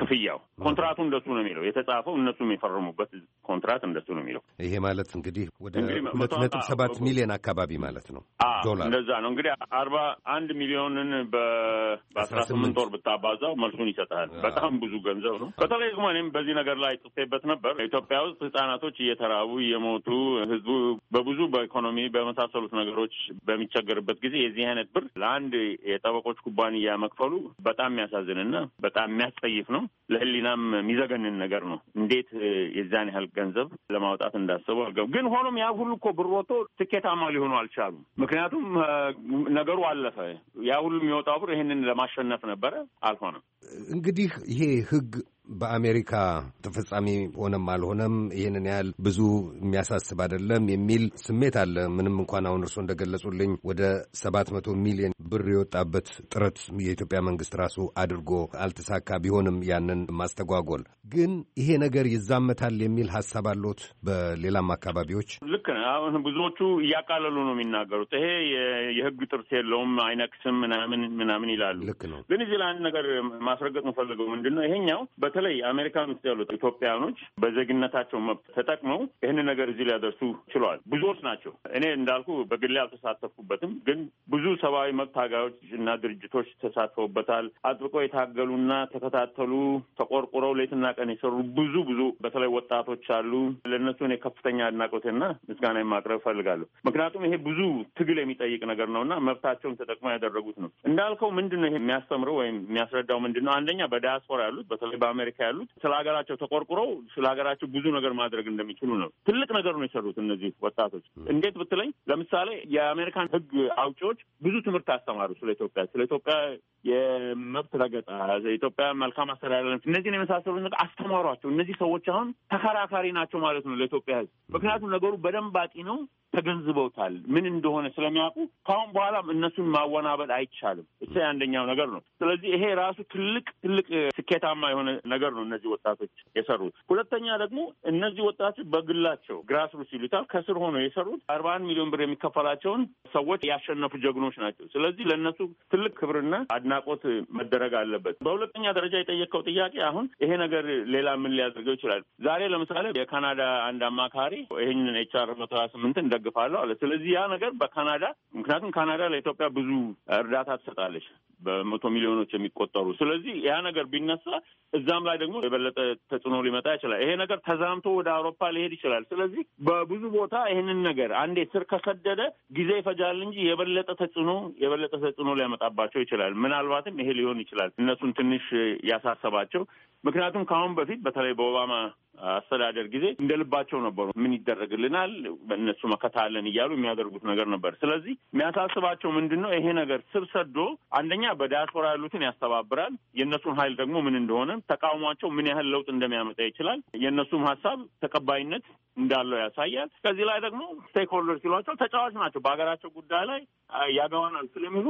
ክፍያው። ኮንትራቱ እንደሱ ነው የሚለው የተጻፈው፣ እነሱ የሚፈርሙበት ኮንትራት እንደሱ ነው የሚለው። ይሄ ማለት እንግዲህ ወደ ሁለት ነጥብ ሰባት ሚሊዮን አካባቢ ማለት ነው ዶላር። እንደዛ ነው እንግዲህ አርባ አንድ ሚሊዮንን በአስራ ስምንት ወር ብታባዛው መልሱን ይሰጣል በጣም ብዙ ገንዘብ ነው። በተለይ ደግሞ እኔም በዚህ ነገር ላይ ጽፌበት ነበር። ኢትዮጵያ ውስጥ ህጻናቶች እየተራቡ እየሞቱ ህዝቡ በብዙ በኢኮኖሚ በመሳሰሉት ነገሮች በሚቸገርበት ጊዜ የዚህ አይነት ብር ለአንድ የጠበቆች ኩባንያ መክፈሉ በጣም የሚያሳዝንና በጣም የሚያስጠይፍ ነው ለህሊና እናም የሚዘገንን ነገር ነው። እንዴት የዛን ያህል ገንዘብ ለማውጣት እንዳሰቡ አልገቡም። ግን ሆኖም ያ ሁሉ እኮ ብር ወጥቶ ስኬታማ ሊሆኑ አልቻሉም። ምክንያቱም ነገሩ አለፈ። ያ ሁሉ የሚወጣው ብር ይህንን ለማሸነፍ ነበረ፣ አልሆነም። እንግዲህ ይሄ ህግ በአሜሪካ ተፈጻሚ ሆነም አልሆነም ይህንን ያህል ብዙ የሚያሳስብ አይደለም የሚል ስሜት አለ። ምንም እንኳን አሁን እርስዎ እንደገለጹልኝ ወደ ሰባት መቶ ሚሊዮን ብር የወጣበት ጥረት የኢትዮጵያ መንግስት ራሱ አድርጎ አልተሳካ ቢሆንም ያንን ማስተጓጎል ግን ይሄ ነገር ይዛመታል የሚል ሀሳብ አለዎት? በሌላም አካባቢዎች ልክ አሁን ብዙዎቹ እያቃለሉ ነው የሚናገሩት። ይሄ የህግ ጥርስ የለውም አይነክስም ምናምን ምናምን ይላሉ። ልክ ነው። ግን እዚህ ለአንድ ነገር ማስረገጥ የምፈልገው ምንድን ነው ይሄኛው በተ በተለይ አሜሪካን ውስጥ ያሉት ኢትዮጵያውያኖች በዜግነታቸው መብት ተጠቅመው ይህንን ነገር እዚህ ሊያደርሱ ችለዋል። ብዙዎች ናቸው። እኔ እንዳልኩ በግሌ አልተሳተፉበትም፣ ግን ብዙ ሰብአዊ መብት አጋዮች እና ድርጅቶች ተሳትፈውበታል። አጥብቀው የታገሉና ተከታተሉ፣ ተቆርቁረው ሌትና ቀን የሰሩ ብዙ ብዙ በተለይ ወጣቶች አሉ። ለእነሱ እኔ ከፍተኛ አድናቆትና ምስጋና ማቅረብ እፈልጋለሁ። ምክንያቱም ይሄ ብዙ ትግል የሚጠይቅ ነገር ነው እና መብታቸውን ተጠቅመው ያደረጉት ነው። እንዳልከው ምንድን ነው ይሄ የሚያስተምረው ወይም የሚያስረዳው ምንድን ነው? አንደኛ በዳያስፖራ ያሉት በተለይ አሜሪካ ያሉት ስለ ሀገራቸው ተቆርቁረው ስለ ሀገራቸው ብዙ ነገር ማድረግ እንደሚችሉ ነው። ትልቅ ነገር ነው የሰሩት እነዚህ ወጣቶች። እንዴት ብትለኝ ለምሳሌ የአሜሪካን ህግ አውጪዎች ብዙ ትምህርት አስተማሩ። ስለ ኢትዮጵያ ስለ ኢትዮጵያ የመብት ረገጣ፣ ኢትዮጵያ መልካም አስተዳደር፣ እነዚህን የመሳሰሉት ነገር አስተማሯቸው። እነዚህ ሰዎች አሁን ተከራካሪ ናቸው ማለት ነው ለኢትዮጵያ ህዝብ፣ ምክንያቱም ነገሩ በደንብ አጢ ነው ተገንዝበውታል። ምን እንደሆነ ስለሚያውቁ ከአሁን በኋላም እነሱን ማወናበል አይቻልም እ አንደኛው ነገር ነው። ስለዚህ ይሄ ራሱ ትልቅ ትልቅ ስኬታማ የሆነ ነገር ነው እነዚህ ወጣቶች የሰሩት። ሁለተኛ ደግሞ እነዚህ ወጣቶች በግላቸው ግራስሩት ይሉታል ከስር ሆነው የሰሩት አርባ አንድ ሚሊዮን ብር የሚከፈላቸውን ሰዎች ያሸነፉ ጀግኖች ናቸው። ስለዚህ ለእነሱ ትልቅ ክብርና አድናቆት መደረግ አለበት። በሁለተኛ ደረጃ የጠየቀው ጥያቄ አሁን ይሄ ነገር ሌላ ምን ሊያደርገው ይችላል? ዛሬ ለምሳሌ የካናዳ አንድ አማካሪ ይህንን ኤች አር መቶ ሀያ ስምንትን እደግፋለሁ አለ። ስለዚህ ያ ነገር በካናዳ ምክንያቱም ካናዳ ለኢትዮጵያ ብዙ እርዳታ ትሰጣለች በመቶ ሚሊዮኖች የሚቆጠሩ። ስለዚህ ያ ነገር ቢነሳ እዛም ላይ ደግሞ የበለጠ ተጽዕኖ ሊመጣ ይችላል። ይሄ ነገር ተዛምቶ ወደ አውሮፓ ሊሄድ ይችላል። ስለዚህ በብዙ ቦታ ይህንን ነገር አንዴ ስር ከሰደደ ጊዜ ይፈጃል እንጂ የበለጠ ተጽዕኖ የበለጠ ተጽዕኖ ሊያመጣባቸው ይችላል። ምናልባትም ይሄ ሊሆን ይችላል እነሱን ትንሽ ያሳሰባቸው ምክንያቱም ከአሁን በፊት በተለይ በኦባማ አስተዳደር ጊዜ እንደ ልባቸው ነበሩ። ምን ይደረግልናል፣ በእነሱ መከታለን እያሉ የሚያደርጉት ነገር ነበር። ስለዚህ የሚያሳስባቸው ምንድን ነው? ይሄ ነገር ስር ሰዶ አንደኛ በዲያስፖራ ያሉትን ያስተባብራል። የእነሱን ሀይል ደግሞ ምን እንደሆነ ተቃውሟቸው ምን ያህል ለውጥ እንደሚያመጣ ይችላል። የእነሱም ሀሳብ ተቀባይነት እንዳለው ያሳያል። ከዚህ ላይ ደግሞ ስቴክሆልደር ሲሏቸው ተጫዋች ናቸው። በሀገራቸው ጉዳይ ላይ ያገባናል ስለሚሉ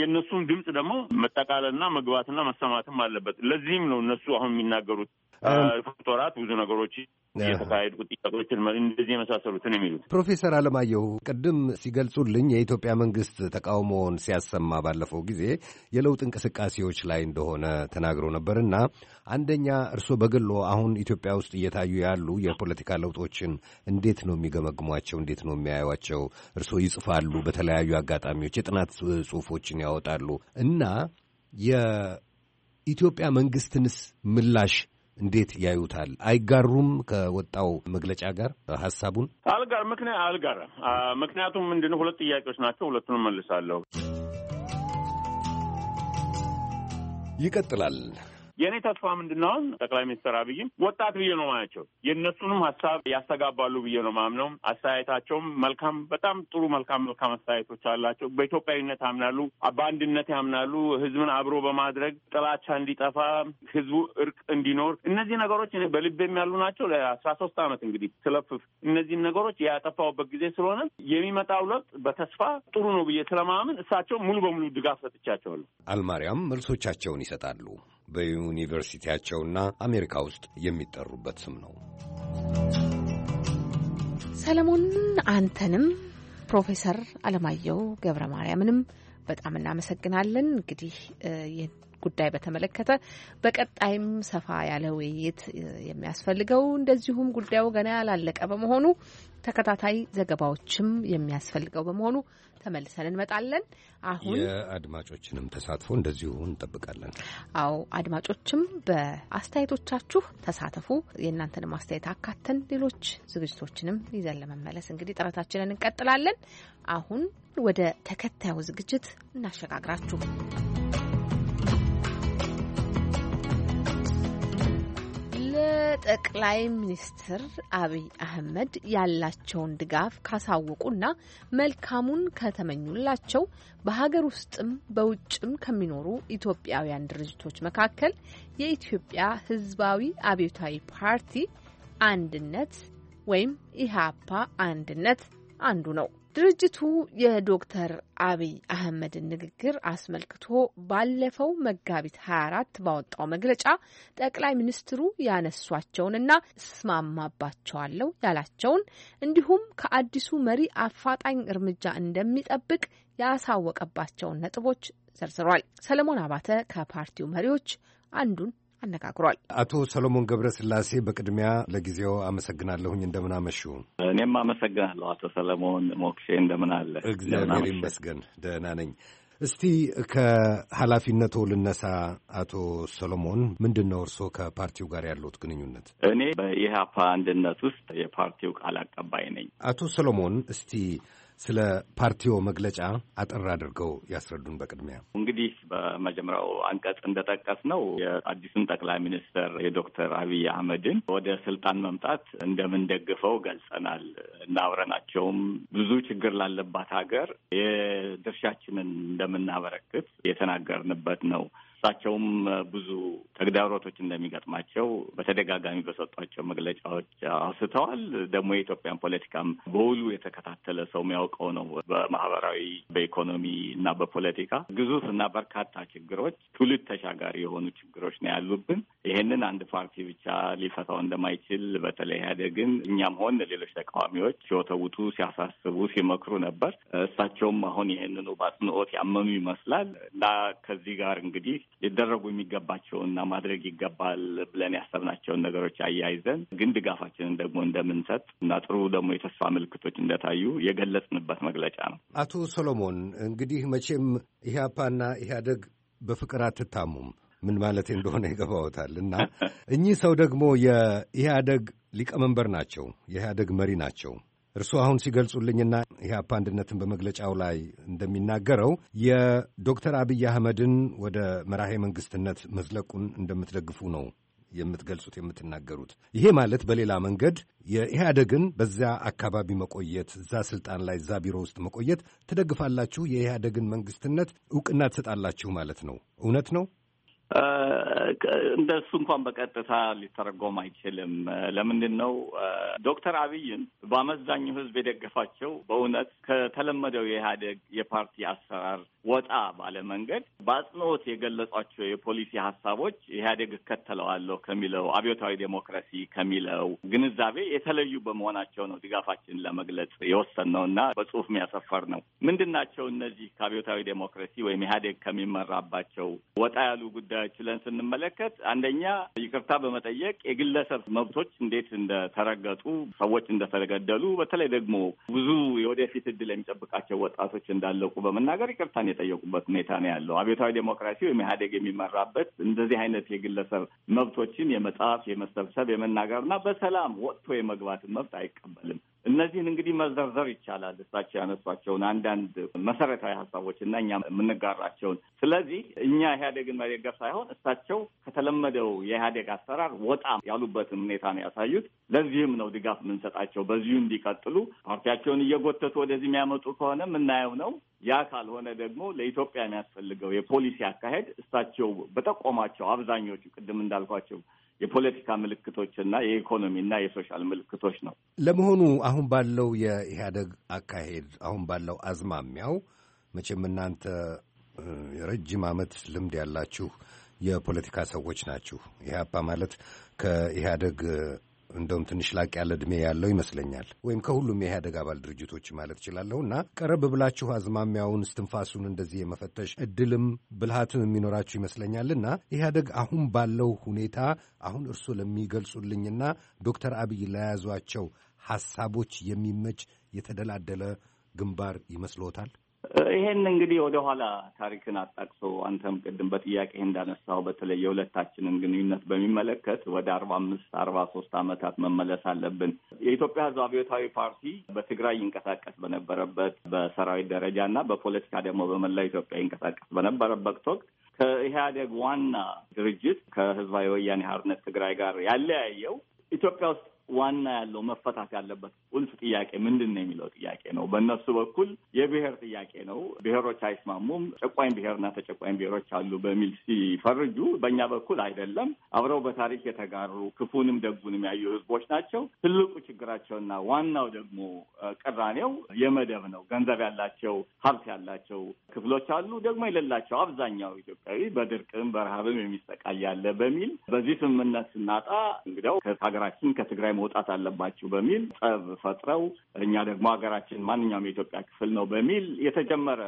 የእነሱን ድምፅ ደግሞ መጠቃለልና መግባትና መሰማትም አለበት። ለዚህም ነው እነሱ አሁን የሚናገሩት ፎቶራት ብዙ ነገሮች የተካሄዱ ጥቃቶችን እንደዚህ የመሳሰሉትን የሚሉት ፕሮፌሰር አለማየሁ ቅድም ሲገልጹልኝ የኢትዮጵያ መንግስት ተቃውሞውን ሲያሰማ ባለፈው ጊዜ የለውጥ እንቅስቃሴዎች ላይ እንደሆነ ተናግሮ ነበርና አንደኛ እርስዎ በግሎ አሁን ኢትዮጵያ ውስጥ እየታዩ ያሉ የፖለቲካ ለውጦችን እንዴት ነው የሚገመግሟቸው? እንዴት ነው የሚያዩቸው? እርስዎ ይጽፋሉ፣ በተለያዩ አጋጣሚዎች የጥናት ጽሁፎችን ያወጣሉ እና የኢትዮጵያ መንግስትንስ ምላሽ እንዴት ያዩታል? አይጋሩም? ከወጣው መግለጫ ጋር ሀሳቡን አልጋር ምክንያት አልጋር ምክንያቱም ምንድነው ሁለት ጥያቄዎች ናቸው። ሁለቱንም መልሳለሁ። ይቀጥላል። የእኔ ተስፋ ምንድን ጠቅላይ ሚኒስትር አብይም ወጣት ብዬ ነው ማያቸው። የእነሱንም ሀሳብ ያስተጋባሉ ብዬ ነው ማምነው። አስተያየታቸውም መልካም፣ በጣም ጥሩ መልካም መልካም አስተያየቶች አላቸው። በኢትዮጵያዊነት ያምናሉ፣ በአንድነት ያምናሉ። ህዝብን አብሮ በማድረግ ጥላቻ እንዲጠፋ፣ ህዝቡ እርቅ እንዲኖር፣ እነዚህ ነገሮች በልቤም ያሉ ናቸው። ለአስራ ሶስት አመት እንግዲህ ስለፍፍ እነዚህን ነገሮች ያጠፋውበት ጊዜ ስለሆነ የሚመጣው ለውጥ በተስፋ ጥሩ ነው ብዬ ስለማምን እሳቸው ሙሉ በሙሉ ድጋፍ ሰጥቻቸዋለሁ። አልማርያም መልሶቻቸውን ይሰጣሉ። ዩኒቨርሲቲያቸውና አሜሪካ ውስጥ የሚጠሩበት ስም ነው። ሰለሞን አንተንም ፕሮፌሰር አለማየሁ ገብረ ማርያምንም በጣም እናመሰግናለን። እንግዲህ ይህ ጉዳይ በተመለከተ በቀጣይም ሰፋ ያለ ውይይት የሚያስፈልገው እንደዚሁም ጉዳዩ ገና ያላለቀ በመሆኑ ተከታታይ ዘገባዎችም የሚያስፈልገው በመሆኑ ተመልሰን እንመጣለን። አሁን የአድማጮችንም ተሳትፎ እንደዚሁ እንጠብቃለን። አዎ አድማጮችም በአስተያየቶቻችሁ ተሳተፉ። የእናንተንም አስተያየት አካተን ሌሎች ዝግጅቶችንም ይዘን ለመመለስ እንግዲህ ጥረታችንን እንቀጥላለን። አሁን ወደ ተከታዩ ዝግጅት እናሸጋግራችሁ። ጠቅላይ ሚኒስትር አብይ አህመድ ያላቸውን ድጋፍ ካሳወቁና መልካሙን ከተመኙላቸው በሀገር ውስጥም በውጭም ከሚኖሩ ኢትዮጵያውያን ድርጅቶች መካከል የኢትዮጵያ ሕዝባዊ አብዮታዊ ፓርቲ አንድነት ወይም ኢህአፓ አንድነት አንዱ ነው። ድርጅቱ የዶክተር አብይ አህመድን ንግግር አስመልክቶ ባለፈው መጋቢት 24 ባወጣው መግለጫ ጠቅላይ ሚኒስትሩ ያነሷቸውንና እስማማባቸዋለሁ ያላቸውን እንዲሁም ከአዲሱ መሪ አፋጣኝ እርምጃ እንደሚጠብቅ ያሳወቀባቸውን ነጥቦች ዘርዝሯል። ሰለሞን አባተ ከፓርቲው መሪዎች አንዱን አነጋግሯል። አቶ ሰሎሞን ገብረስላሴ በቅድሚያ ለጊዜው አመሰግናለሁኝ። እንደምን አመሹ? እኔም አመሰግናለሁ አቶ ሰለሞን ሞክሼ። እንደምን አለ? እግዚአብሔር ይመስገን ደህና ነኝ። እስቲ ከኃላፊነቱ ልነሳ። አቶ ሰሎሞን ምንድን ነው እርስዎ ከፓርቲው ጋር ያለዎት ግንኙነት? እኔ በኢህአፓ አንድነት ውስጥ የፓርቲው ቃል አቀባይ ነኝ። አቶ ሰሎሞን እስቲ ስለ ፓርቲዎ መግለጫ አጠር አድርገው ያስረዱን። በቅድሚያ እንግዲህ በመጀመሪያው አንቀጽ እንደጠቀስ ነው የአዲሱን ጠቅላይ ሚኒስትር የዶክተር አብይ አህመድን ወደ ስልጣን መምጣት እንደምንደግፈው ገልጸናል እና አብረናቸውም ብዙ ችግር ላለባት ሀገር የድርሻችንን እንደምናበረክት የተናገርንበት ነው። እሳቸውም ብዙ ተግዳሮቶች እንደሚገጥማቸው በተደጋጋሚ በሰጧቸው መግለጫዎች አውስተዋል። ደግሞ የኢትዮጵያን ፖለቲካም በውሉ የተከታተለ ሰው የሚያውቀው ነው። በማህበራዊ በኢኮኖሚ እና በፖለቲካ ግዙፍ እና በርካታ ችግሮች፣ ትውልድ ተሻጋሪ የሆኑ ችግሮች ነው ያሉብን። ይሄንን አንድ ፓርቲ ብቻ ሊፈታው እንደማይችል በተለይ ኢህአዴግን እኛም ሆን ሌሎች ተቃዋሚዎች ሲወተውቱ፣ ሲያሳስቡ፣ ሲመክሩ ነበር። እሳቸውም አሁን ይህንኑ በአጽንኦት ያመኑ ይመስላል እና ከዚህ ጋር እንግዲህ ሊደረጉ የሚገባቸውና ማድረግ ይገባል ብለን ያሰብናቸውን ነገሮች አያይዘን ግን ድጋፋችንን ደግሞ እንደምንሰጥ እና ጥሩ ደግሞ የተስፋ ምልክቶች እንደታዩ የገለጽንበት መግለጫ ነው። አቶ ሶሎሞን እንግዲህ መቼም ኢህአፓና ኢህአደግ በፍቅር አትታሙም። ምን ማለት እንደሆነ ይገባዎታል። እና [LAUGHS] እኚህ ሰው ደግሞ የኢህአደግ ሊቀመንበር ናቸው፣ የኢህአደግ መሪ ናቸው። እርሱ አሁን ሲገልጹልኝና ኢህአፓ አንድነትን በመግለጫው ላይ እንደሚናገረው የዶክተር አብይ አህመድን ወደ መራሄ መንግስትነት መዝለቁን እንደምትደግፉ ነው የምትገልጹት የምትናገሩት። ይሄ ማለት በሌላ መንገድ የኢህአደግን በዚያ አካባቢ መቆየት፣ እዛ ስልጣን ላይ እዛ ቢሮ ውስጥ መቆየት ትደግፋላችሁ፣ የኢህአደግን መንግስትነት እውቅና ትሰጣላችሁ ማለት ነው። እውነት ነው? እንደሱ እንኳን በቀጥታ ሊተረጎም አይችልም። ለምንድን ነው ዶክተር አብይን በአመዛኙ ህዝብ የደገፋቸው? በእውነት ከተለመደው የኢህአደግ የፓርቲ አሰራር ወጣ ባለ መንገድ በአጽንኦት የገለጿቸው የፖሊሲ ሀሳቦች ኢህአደግ እከተለዋለሁ ከሚለው አብዮታዊ ዴሞክራሲ ከሚለው ግንዛቤ የተለዩ በመሆናቸው ነው ድጋፋችንን ለመግለጽ ነው እና በጽሁፍ ያሰፈር ነው። ምንድን ናቸው እነዚህ ከአብዮታዊ ዴሞክራሲ ወይም ኢህአደግ ከሚመራባቸው ወጣ ያሉ ጉዳዮች ችለን ስንመለከት አንደኛ ይቅርታ በመጠየቅ የግለሰብ መብቶች እንዴት እንደተረገጡ፣ ሰዎች እንደተገደሉ፣ በተለይ ደግሞ ብዙ የወደፊት እድል የሚጠብቃቸው ወጣቶች እንዳለቁ በመናገር ይቅርታን የጠየቁበት ሁኔታ ነው ያለው። አብዮታዊ ዴሞክራሲ ወይም ኢህአዴግ የሚመራበት እንደዚህ አይነት የግለሰብ መብቶችን የመጻፍ፣ የመሰብሰብ፣ የመናገርና በሰላም ወጥቶ የመግባትን መብት አይቀበልም። እነዚህን እንግዲህ መዘርዘር ይቻላል። እሳቸው ያነሷቸውን አንዳንድ መሰረታዊ ሀሳቦች እና እኛ የምንጋራቸውን። ስለዚህ እኛ ኢህአዴግን መደገፍ ሳይሆን እሳቸው ከተለመደው የኢህአዴግ አሰራር ወጣ ያሉበትን ሁኔታ ነው ያሳዩት። ለዚህም ነው ድጋፍ የምንሰጣቸው። በዚሁ እንዲቀጥሉ ፓርቲያቸውን እየጎተቱ ወደዚህ የሚያመጡ ከሆነ የምናየው ነው። ያ ካልሆነ ደግሞ ለኢትዮጵያ የሚያስፈልገው የፖሊሲ አካሄድ እሳቸው በጠቆማቸው አብዛኞቹ ቅድም እንዳልኳቸው የፖለቲካ ምልክቶችና የኢኮኖሚና የሶሻል ምልክቶች ነው። ለመሆኑ አሁን ባለው የኢህአደግ አካሄድ አሁን ባለው አዝማሚያው መቼም እናንተ የረጅም ዓመት ልምድ ያላችሁ የፖለቲካ ሰዎች ናችሁ። ኢህአፓ ማለት ከኢህአደግ እንደውም ትንሽ ላቅ ያለ ዕድሜ ያለው ይመስለኛል ወይም ከሁሉም የኢህአደግ አባል ድርጅቶች ማለት እችላለሁ እና ቀረብ ብላችሁ አዝማሚያውን እስትንፋሱን እንደዚህ የመፈተሽ እድልም ብልሃትም የሚኖራችሁ ይመስለኛልና ኢህአደግ አሁን ባለው ሁኔታ አሁን እርሱ ለሚገልጹልኝና ዶክተር አብይ ለያዟቸው ሐሳቦች የሚመች የተደላደለ ግንባር ይመስልዎታል? ይሄን እንግዲህ ወደ ኋላ ታሪክን አጣቅሶ አንተም ቅድም በጥያቄ እንዳነሳው በተለይ የሁለታችንን ግንኙነት በሚመለከት ወደ አርባ አምስት አርባ ሶስት ዓመታት መመለስ አለብን። የኢትዮጵያ ሕዝብ አብዮታዊ ፓርቲ በትግራይ ይንቀሳቀስ በነበረበት በሰራዊት ደረጃ እና በፖለቲካ ደግሞ በመላ ኢትዮጵያ ይንቀሳቀስ በነበረበት ወቅት ከኢህአዴግ ዋና ድርጅት ከህዝባዊ ወያኔ ሓርነት ትግራይ ጋር ያለያየው ኢትዮጵያ ውስጥ ዋና ያለው መፈታት ያለበት ቁልፍ ጥያቄ ምንድን ነው የሚለው ጥያቄ ነው። በእነሱ በኩል የብሔር ጥያቄ ነው። ብሔሮች አይስማሙም። ጨቋኝ ብሔርና ተጨቋኝ ብሔሮች አሉ በሚል ሲፈርጁ፣ በእኛ በኩል አይደለም። አብረው በታሪክ የተጋሩ ክፉንም ደጉንም ያዩ ህዝቦች ናቸው። ትልቁ ችግራቸውና ዋናው ደግሞ ቅራኔው የመደብ ነው። ገንዘብ ያላቸው ሀብት ያላቸው ክፍሎች አሉ፣ ደግሞ የሌላቸው አብዛኛው ኢትዮጵያዊ በድርቅም በረሃብም የሚሰቃይ ያለ በሚል በዚህ ስምምነት ስናጣ እንግዲያው ከሀገራችን ከትግራይ መውጣት አለባችሁ በሚል ጠብ ፈጥረው እኛ ደግሞ ሀገራችን ማንኛውም የኢትዮጵያ ክፍል ነው በሚል የተጀመረ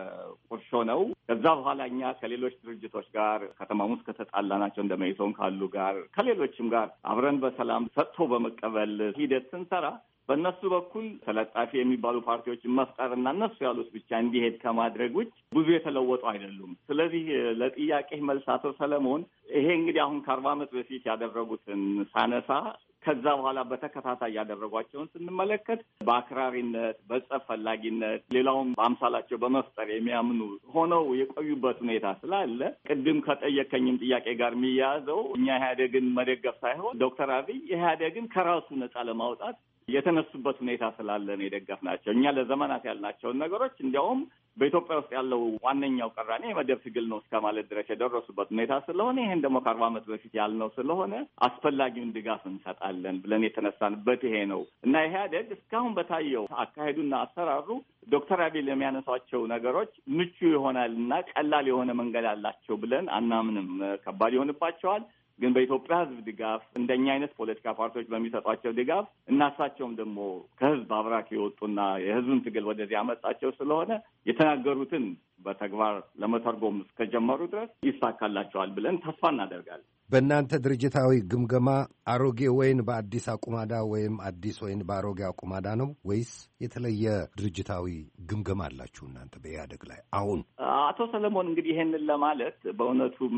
ቁርሾ ነው። ከዛ በኋላ እኛ ከሌሎች ድርጅቶች ጋር ከተማ ውስጥ ከተጣላናቸው እንደ መኢሶን ካሉ ጋር ከሌሎችም ጋር አብረን በሰላም ሰጥቶ በመቀበል ሂደት ስንሰራ በእነሱ በኩል ተለጣፊ የሚባሉ ፓርቲዎችን መፍጠር እና እነሱ ያሉት ብቻ እንዲሄድ ከማድረግ ውጭ ብዙ የተለወጡ አይደሉም። ስለዚህ ለጥያቄ መልስ አቶ ሰለሞን ይሄ እንግዲህ አሁን ከአርባ ዓመት በፊት ያደረጉትን ሳነሳ ከዛ በኋላ በተከታታይ ያደረጓቸውን ስንመለከት በአክራሪነት፣ በጸብ ፈላጊነት ሌላውም በአምሳላቸው በመፍጠር የሚያምኑ ሆነው የቆዩበት ሁኔታ ስላለ ቅድም ከጠየከኝም ጥያቄ ጋር የሚያያዘው እኛ ኢህአዴግን መደገፍ ሳይሆን ዶክተር አብይ ኢህአዴግን ከራሱ ነፃ ለማውጣት የተነሱበት ሁኔታ ስላለ ነው የደገፍናቸው። እኛ ለዘመናት ያልናቸውን ነገሮች እንዲያውም በኢትዮጵያ ውስጥ ያለው ዋነኛው ቅራኔ የመደብ ትግል ነው እስከ ማለት ድረስ የደረሱበት ሁኔታ ስለሆነ ይሄን ደግሞ ከአርባ ዓመት በፊት ያልነው ስለሆነ አስፈላጊውን ድጋፍ እንሰጣለን ብለን የተነሳንበት ይሄ ነው እና ኢህአዴግ እስካሁን በታየው አካሄዱና አሰራሩ ዶክተር አቢል የሚያነሷቸው ነገሮች ምቹ ይሆናል እና ቀላል የሆነ መንገድ አላቸው ብለን አናምንም። ከባድ ይሆንባቸዋል። ግን በኢትዮጵያ ህዝብ ድጋፍ እንደኛ አይነት ፖለቲካ ፓርቲዎች በሚሰጧቸው ድጋፍ እናሳቸውም ደግሞ ከህዝብ አብራክ የወጡና የህዝብን ትግል ወደዚህ ያመጣቸው ስለሆነ የተናገሩትን በተግባር ለመተርጎም እስከጀመሩ ድረስ ይሳካላቸዋል ብለን ተስፋ እናደርጋለን። በእናንተ ድርጅታዊ ግምገማ አሮጌ ወይን በአዲስ አቁማዳ ወይም አዲስ ወይን በአሮጌ አቁማዳ ነው ወይስ የተለየ ድርጅታዊ ግምገማ አላችሁ እናንተ በኢህአደግ ላይ? አሁን አቶ ሰለሞን እንግዲህ ይሄንን ለማለት በእውነቱም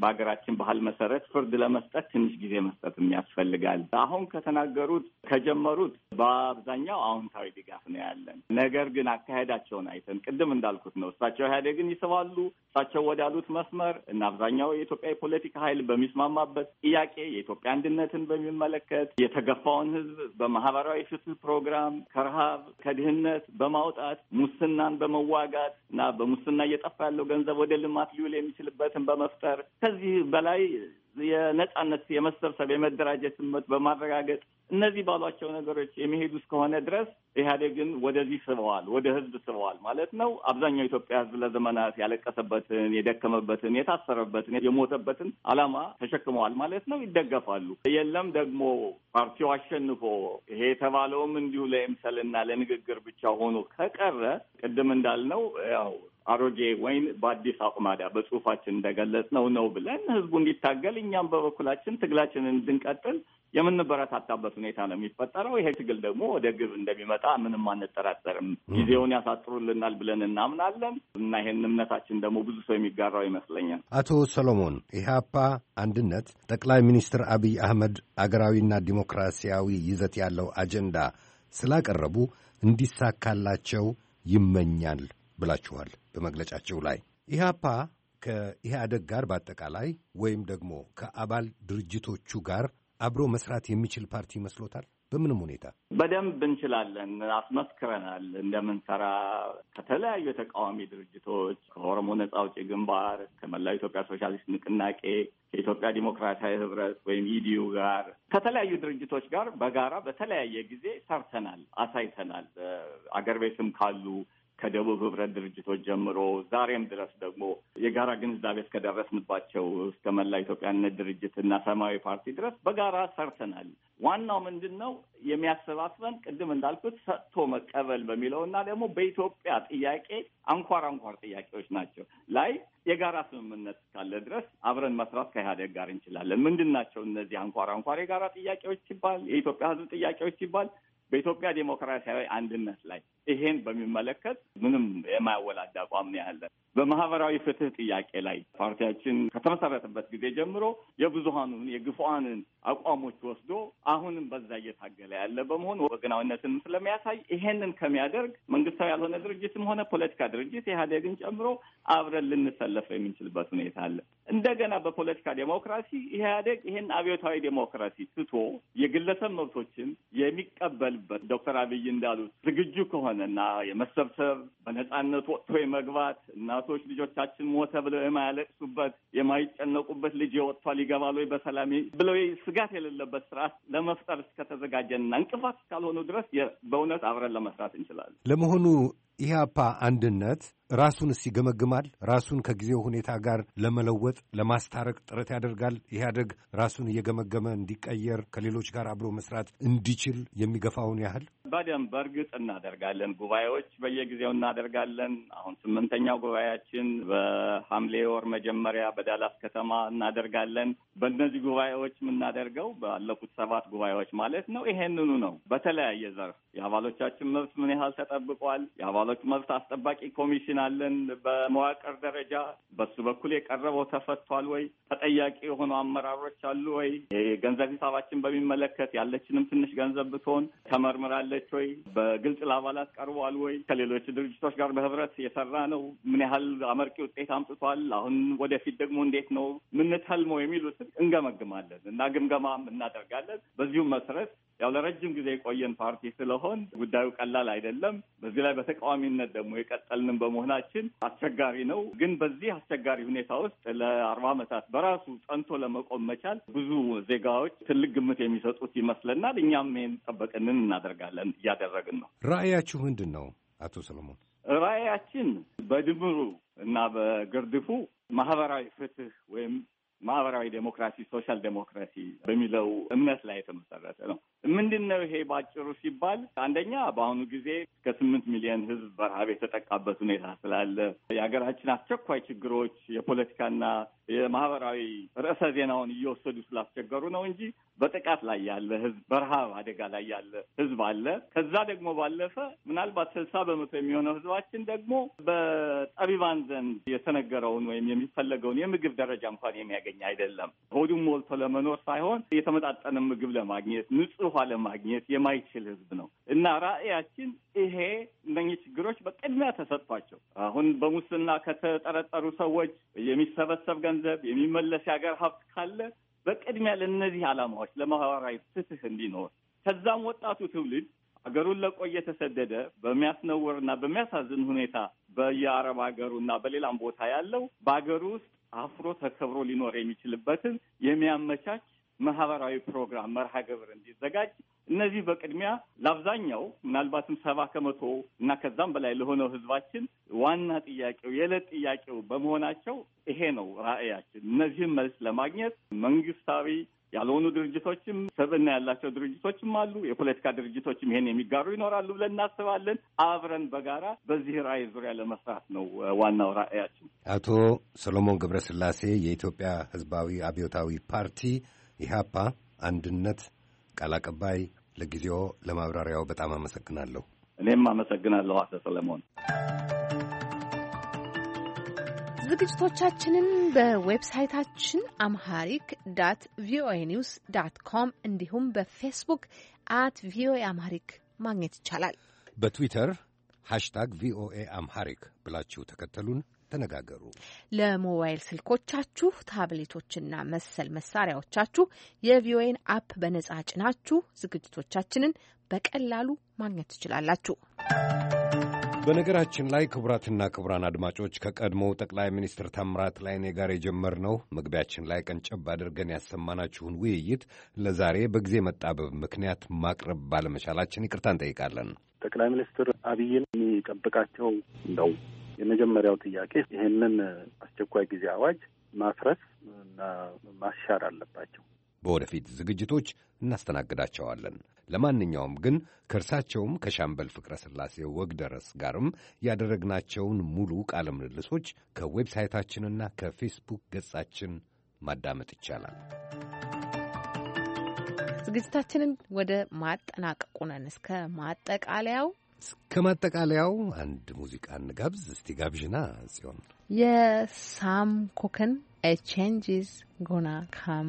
በሀገራችን ባህል መሰረት ፍርድ ለመስጠት ትንሽ ጊዜ መስጠትም ያስፈልጋል። አሁን ከተናገሩት ከጀመሩት በአብዛኛው አዎንታዊ ድጋፍ ነው ያለን። ነገር ግን አካሄዳቸውን አይተን ቅድም እንዳልኩት ነው እሳቸው ኢህአደግን ይስባሉ እሳቸው ወዳሉት መስመር እና አብዛኛው የኢትዮጵያ የፖለቲካ ኃይል በሚ የሚስማማበት ጥያቄ የኢትዮጵያ አንድነትን በሚመለከት የተገፋውን ህዝብ በማህበራዊ ፍትህ ፕሮግራም ከረሃብ ከድህነት በማውጣት ሙስናን በመዋጋት እና በሙስና እየጠፋ ያለው ገንዘብ ወደ ልማት ሊውል የሚችልበትን በመፍጠር ከዚህ በላይ የነጻነት የመሰብሰብ የመደራጀት ስመት በማረጋገጥ እነዚህ ባሏቸው ነገሮች የሚሄዱ እስከሆነ ድረስ ኢህአዴግን ወደዚህ ስበዋል፣ ወደ ህዝብ ስበዋል ማለት ነው። አብዛኛው ኢትዮጵያ ህዝብ ለዘመናት ያለቀሰበትን፣ የደከመበትን፣ የታሰረበትን፣ የሞተበትን አላማ ተሸክመዋል ማለት ነው። ይደገፋሉ። የለም ደግሞ ፓርቲው አሸንፎ ይሄ የተባለውም እንዲሁ ለይምሰልና ለንግግር ብቻ ሆኖ ከቀረ ቅድም እንዳልነው ያው አሮጌ ወይም በአዲስ አቁማዳ በጽሁፋችን እንደገለጽ ነው ነው ብለን ህዝቡ እንዲታገል እኛም በበኩላችን ትግላችንን እንድንቀጥል የምንበረታታበት ሁኔታ ነው የሚፈጠረው። ይሄ ትግል ደግሞ ወደ ግብ እንደሚመጣ ምንም አንጠራጠርም። ጊዜውን ያሳጥሩልናል ብለን እናምናለን እና ይሄን እምነታችን ደግሞ ብዙ ሰው የሚጋራው ይመስለኛል። አቶ ሰሎሞን፣ ኢህአፓ አንድነት ጠቅላይ ሚኒስትር አብይ አህመድ አገራዊና ዲሞክራሲያዊ ይዘት ያለው አጀንዳ ስላቀረቡ እንዲሳካላቸው ይመኛል ብላችኋል። በመግለጫቸው ላይ ኢህአፓ ከኢህአደግ ጋር በአጠቃላይ ወይም ደግሞ ከአባል ድርጅቶቹ ጋር አብሮ መስራት የሚችል ፓርቲ ይመስሎታል? በምንም ሁኔታ በደንብ እንችላለን፣ አስመስክረናል እንደምንሰራ ከተለያዩ የተቃዋሚ ድርጅቶች ከኦሮሞ ነጻ አውጪ ግንባር፣ ከመላው ኢትዮጵያ ሶሻሊስት ንቅናቄ፣ ከኢትዮጵያ ዲሞክራሲያዊ ህብረት ወይም ኢዲዩ ጋር ከተለያዩ ድርጅቶች ጋር በጋራ በተለያየ ጊዜ ሰርተናል፣ አሳይተናል። አገር ቤትም ካሉ ከደቡብ ህብረት ድርጅቶች ጀምሮ ዛሬም ድረስ ደግሞ የጋራ ግንዛቤ እስከደረስንባቸው እስከ መላ ኢትዮጵያነት ድርጅት እና ሰማያዊ ፓርቲ ድረስ በጋራ ሰርተናል። ዋናው ምንድን ነው የሚያሰባስበን ቅድም እንዳልኩት ሰጥቶ መቀበል በሚለው እና ደግሞ በኢትዮጵያ ጥያቄ አንኳር አንኳር ጥያቄዎች ናቸው ላይ የጋራ ስምምነት እስካለ ድረስ አብረን መስራት ከኢህአዴግ ጋር እንችላለን። ምንድን ናቸው እነዚህ አንኳር አንኳር የጋራ ጥያቄዎች ይባል የኢትዮጵያ ህዝብ ጥያቄዎች ሲባል በኢትዮጵያ ዴሞክራሲያዊ አንድነት ላይ ይሄን በሚመለከት ምንም የማያወላድ አቋም ነው ያለን። በማህበራዊ ፍትህ ጥያቄ ላይ ፓርቲያችን ከተመሰረተበት ጊዜ ጀምሮ የብዙሀኑን የግፉአንን አቋሞች ወስዶ አሁንም በዛ እየታገለ ያለ በመሆኑ ወገናዊነትን ስለሚያሳይ ይሄንን ከሚያደርግ መንግስታዊ ያልሆነ ድርጅትም ሆነ ፖለቲካ ድርጅት ኢህአዴግን ጨምሮ አብረን ልንሰለፈ የምንችልበት ሁኔታ አለ። እንደገና በፖለቲካ ዴሞክራሲ ኢህአዴግ ይሄን አብዮታዊ ዴሞክራሲ ትቶ የግለሰብ መብቶችን የሚቀበልበት ዶክተር አብይ እንዳሉት ዝግጁ ከሆነ እና የመሰብሰብ በነፃነት ወጥቶ የመግባት እናቶች ልጆቻችን ሞተ ብለው የማያለቅሱበት የማይጨነቁበት ልጅ ወጥቷል ይገባል ወይ በሰላም ብለው ስጋት የሌለበት ስርዓት ለመፍጠር እስከተዘጋጀና እንቅፋት እስካልሆኑ ድረስ በእውነት አብረን ለመስራት እንችላለን። ለመሆኑ ኢህአፓ አንድነት ራሱንስ ይገመግማል። ራሱን ከጊዜው ሁኔታ ጋር ለመለወጥ ለማስታረቅ ጥረት ያደርጋል። ኢህአደግ ራሱን እየገመገመ እንዲቀየር ከሌሎች ጋር አብሮ መስራት እንዲችል የሚገፋውን ያህል በደንብ በእርግጥ እናደርጋለን። ጉባኤዎች በየጊዜው እናደርጋለን። አሁን ስምንተኛው ጉባኤያችን በሐምሌ ወር መጀመሪያ በዳላስ ከተማ እናደርጋለን። በእነዚህ ጉባኤዎች የምናደርገው ባለፉት ሰባት ጉባኤዎች ማለት ነው ይሄንኑ ነው። በተለያየ ዘርፍ የአባሎቻችን መብት ምን ያህል ተጠብቋል፣ የአባሎች መብት አስጠባቂ ኮሚሽን እናመሰግናለን። በመዋቅር ደረጃ በሱ በኩል የቀረበው ተፈቷል ወይ? ተጠያቂ የሆኑ አመራሮች አሉ ወይ? የገንዘብ ሂሳባችን በሚመለከት ያለችንም ትንሽ ገንዘብ ብትሆን ተመርምራለች ወይ? በግልጽ ለአባላት ቀርቧል ወይ? ከሌሎች ድርጅቶች ጋር በህብረት የሰራ ነው ምን ያህል አመርቂ ውጤት አምጥቷል? አሁን ወደፊት ደግሞ እንዴት ነው ምንተልመው የሚሉትን እንገመግማለን እና ግምገማም እናደርጋለን። በዚሁም መሰረት ያው ለረጅም ጊዜ የቆየን ፓርቲ ስለሆን ጉዳዩ ቀላል አይደለም። በዚህ ላይ በተቃዋሚነት ደግሞ የቀጠልንም በመሆን መሆናችን አስቸጋሪ ነው። ግን በዚህ አስቸጋሪ ሁኔታ ውስጥ ለአርባ ዓመታት በራሱ ጸንቶ ለመቆም መቻል ብዙ ዜጋዎች ትልቅ ግምት የሚሰጡት ይመስለናል። እኛም ይህን ጠበቅንን እናደርጋለን፣ እያደረግን ነው። ራእያችሁ ምንድን ነው አቶ ሰለሞን? ራእያችን በድምሩ እና በግርድፉ ማህበራዊ ፍትህ ወይም ማህበራዊ ዴሞክራሲ ሶሻል ዴሞክራሲ በሚለው እምነት ላይ የተመሰረተ ነው። ምንድን ነው ይሄ ባጭሩ ሲባል አንደኛ በአሁኑ ጊዜ ከስምንት ሚሊዮን ህዝብ በረሃብ የተጠቃበት ሁኔታ ስላለ የሀገራችን አስቸኳይ ችግሮች የፖለቲካና የማህበራዊ ርዕሰ ዜናውን እየወሰዱ ስላስቸገሩ ነው እንጂ በጥቃት ላይ ያለ ህዝብ፣ በረሃብ አደጋ ላይ ያለ ህዝብ አለ። ከዛ ደግሞ ባለፈ ምናልባት ስልሳ በመቶ የሚሆነው ህዝባችን ደግሞ በጠቢባን ዘንድ የተነገረውን ወይም የሚፈለገውን የምግብ ደረጃ እንኳን የሚያገኝ አይደለም። ሆዱም ሞልቶ ለመኖር ሳይሆን የተመጣጠነ ምግብ ለማግኘት ንጹህ ውሃ ለማግኘት የማይችል ህዝብ ነው እና ራዕያችን ይሄ እነኚህ ችግሮች በቅድሚያ ተሰጥቷቸው አሁን በሙስና ከተጠረጠሩ ሰዎች የሚሰበሰብ ገንዘብ የሚመለስ የሀገር ሀብት ካለ በቅድሚያ ለእነዚህ ዓላማዎች ለማህበራዊ ፍትህ እንዲኖር ከዛም ወጣቱ ትውልድ አገሩን ለቆ እየተሰደደ በሚያስነውርና በሚያሳዝን ሁኔታ በየአረብ ሀገሩና በሌላም ቦታ ያለው በሀገሩ ውስጥ አፍሮ ተከብሮ ሊኖር የሚችልበትን የሚያመቻች ማህበራዊ ፕሮግራም መርሃ ግብር እንዲዘጋጅ እነዚህ በቅድሚያ ለአብዛኛው ምናልባትም ሰባ ከመቶ እና ከዛም በላይ ለሆነው ህዝባችን ዋና ጥያቄው የዕለት ጥያቄው በመሆናቸው ይሄ ነው ራዕያችን። እነዚህም መልስ ለማግኘት መንግስታዊ ያልሆኑ ድርጅቶችም ሰብዕና ያላቸው ድርጅቶችም አሉ። የፖለቲካ ድርጅቶችም ይሄን የሚጋሩ ይኖራሉ ብለን እናስባለን። አብረን በጋራ በዚህ ራዕይ ዙሪያ ለመስራት ነው ዋናው ራዕያችን። አቶ ሰሎሞን ገብረስላሴ የኢትዮጵያ ህዝባዊ አብዮታዊ ፓርቲ ኢህአፓ አንድነት ቃል አቀባይ፣ ለጊዜው ለማብራሪያው በጣም አመሰግናለሁ። እኔም አመሰግናለሁ አቶ ሰለሞን። ዝግጅቶቻችንን በዌብሳይታችን አምሃሪክ ዳት ቪኦኤ ኒውስ ዳት ኮም እንዲሁም በፌስቡክ አት ቪኦኤ አምሃሪክ ማግኘት ይቻላል። በትዊተር ሃሽታግ ቪኦኤ አምሃሪክ ብላችሁ ተከተሉን፣ ተነጋገሩ። ለሞባይል ስልኮቻችሁ ታብሌቶችና መሰል መሳሪያዎቻችሁ የቪኦኤን አፕ በነጻ ጭናችሁ ዝግጅቶቻችንን በቀላሉ ማግኘት ትችላላችሁ። በነገራችን ላይ ክቡራትና ክቡራን አድማጮች ከቀድሞው ጠቅላይ ሚኒስትር ታምራት ላይኔ ጋር የጀመርነው መግቢያችን ላይ ቀንጨብ አድርገን ያሰማናችሁን ውይይት ለዛሬ በጊዜ መጣበብ ምክንያት ማቅረብ ባለመቻላችን ይቅርታ እንጠይቃለን። ጠቅላይ ሚኒስትር አብይን የሚጠብቃቸው ነው። የመጀመሪያው ጥያቄ ይህንን አስቸኳይ ጊዜ አዋጅ ማፍረስ እና ማሻር አለባቸው። በወደፊት ዝግጅቶች እናስተናግዳቸዋለን። ለማንኛውም ግን ከእርሳቸውም ከሻምበል ፍቅረ ሥላሴ ወግደረስ ጋርም ያደረግናቸውን ሙሉ ቃለ ምልልሶች ከዌብሳይታችንና ከፌስቡክ ገጻችን ማዳመጥ ይቻላል። ዝግጅታችንን ወደ ማጠናቀቁ ነን። እስከ ማጠቃለያው እስከ ማጠቃለያው አንድ ሙዚቃ እንጋብዝ እስቲ። ጋብዥና ጽዮን የሳም ኮከን ኤ ቼንጅ ኢዝ ጎና ካም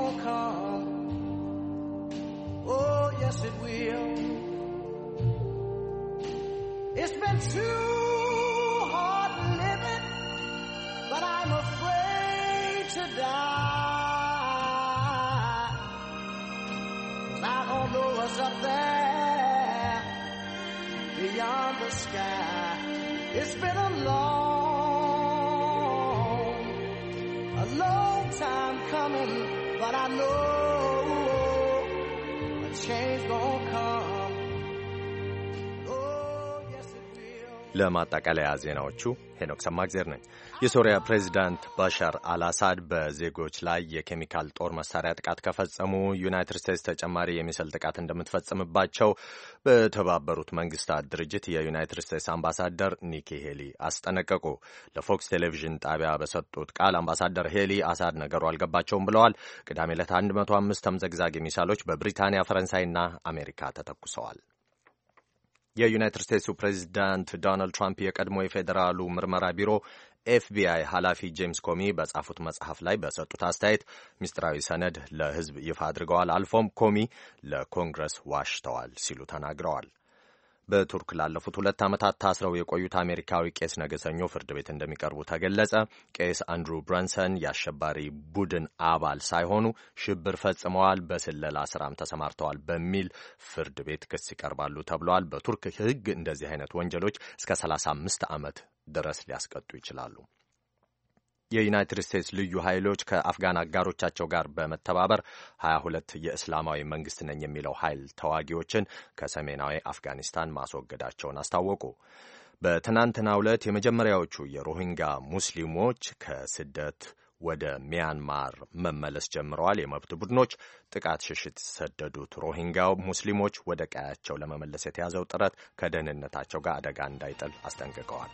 yes it will. It's been too hard living, but I'm afraid to die. Cause I don't know what's up there beyond the sky. It's been a long, a long time coming, but I know chains ለማጠቃለያ ዜናዎቹ ሄኖክ ሰማግዜር ነኝ። የሶሪያ ፕሬዚዳንት ባሻር አልአሳድ በዜጎች ላይ የኬሚካል ጦር መሳሪያ ጥቃት ከፈጸሙ ዩናይትድ ስቴትስ ተጨማሪ የሚሳይል ጥቃት እንደምትፈጽምባቸው በተባበሩት መንግስታት ድርጅት የዩናይትድ ስቴትስ አምባሳደር ኒኪ ሄሊ አስጠነቀቁ። ለፎክስ ቴሌቪዥን ጣቢያ በሰጡት ቃል አምባሳደር ሄሊ አሳድ ነገሩ አልገባቸውም ብለዋል። ቅዳሜ ዕለት 105 ተምዘግዛግ ሚሳሎች በብሪታንያ ፈረንሳይና አሜሪካ ተተኩሰዋል። የዩናይትድ ስቴትሱ ፕሬዚዳንት ዶናልድ ትራምፕ የቀድሞ የፌዴራሉ ምርመራ ቢሮ ኤፍቢአይ ኃላፊ ጄምስ ኮሚ በጻፉት መጽሐፍ ላይ በሰጡት አስተያየት ምስጢራዊ ሰነድ ለሕዝብ ይፋ አድርገዋል፣ አልፎም ኮሚ ለኮንግረስ ዋሽተዋል ሲሉ ተናግረዋል። በቱርክ ላለፉት ሁለት ዓመታት ታስረው የቆዩት አሜሪካዊ ቄስ ነገ ሰኞ ፍርድ ቤት እንደሚቀርቡ ተገለጸ። ቄስ አንድሩ ብረንሰን የአሸባሪ ቡድን አባል ሳይሆኑ ሽብር ፈጽመዋል፣ በስለላ ስራም ተሰማርተዋል በሚል ፍርድ ቤት ክስ ይቀርባሉ ተብለዋል። በቱርክ ሕግ እንደዚህ አይነት ወንጀሎች እስከ 35 ዓመት ድረስ ሊያስቀጡ ይችላሉ። የዩናይትድ ስቴትስ ልዩ ኃይሎች ከአፍጋን አጋሮቻቸው ጋር በመተባበር 22 የእስላማዊ መንግስት ነኝ የሚለው ኃይል ተዋጊዎችን ከሰሜናዊ አፍጋኒስታን ማስወገዳቸውን አስታወቁ። በትናንትናው ዕለት የመጀመሪያዎቹ የሮሂንጋ ሙስሊሞች ከስደት ወደ ሚያንማር መመለስ ጀምረዋል። የመብት ቡድኖች ጥቃት ሽሽት ሰደዱት ሮሂንጋ ሙስሊሞች ወደ ቀያቸው ለመመለስ የተያዘው ጥረት ከደህንነታቸው ጋር አደጋ እንዳይጥል አስጠንቅቀዋል።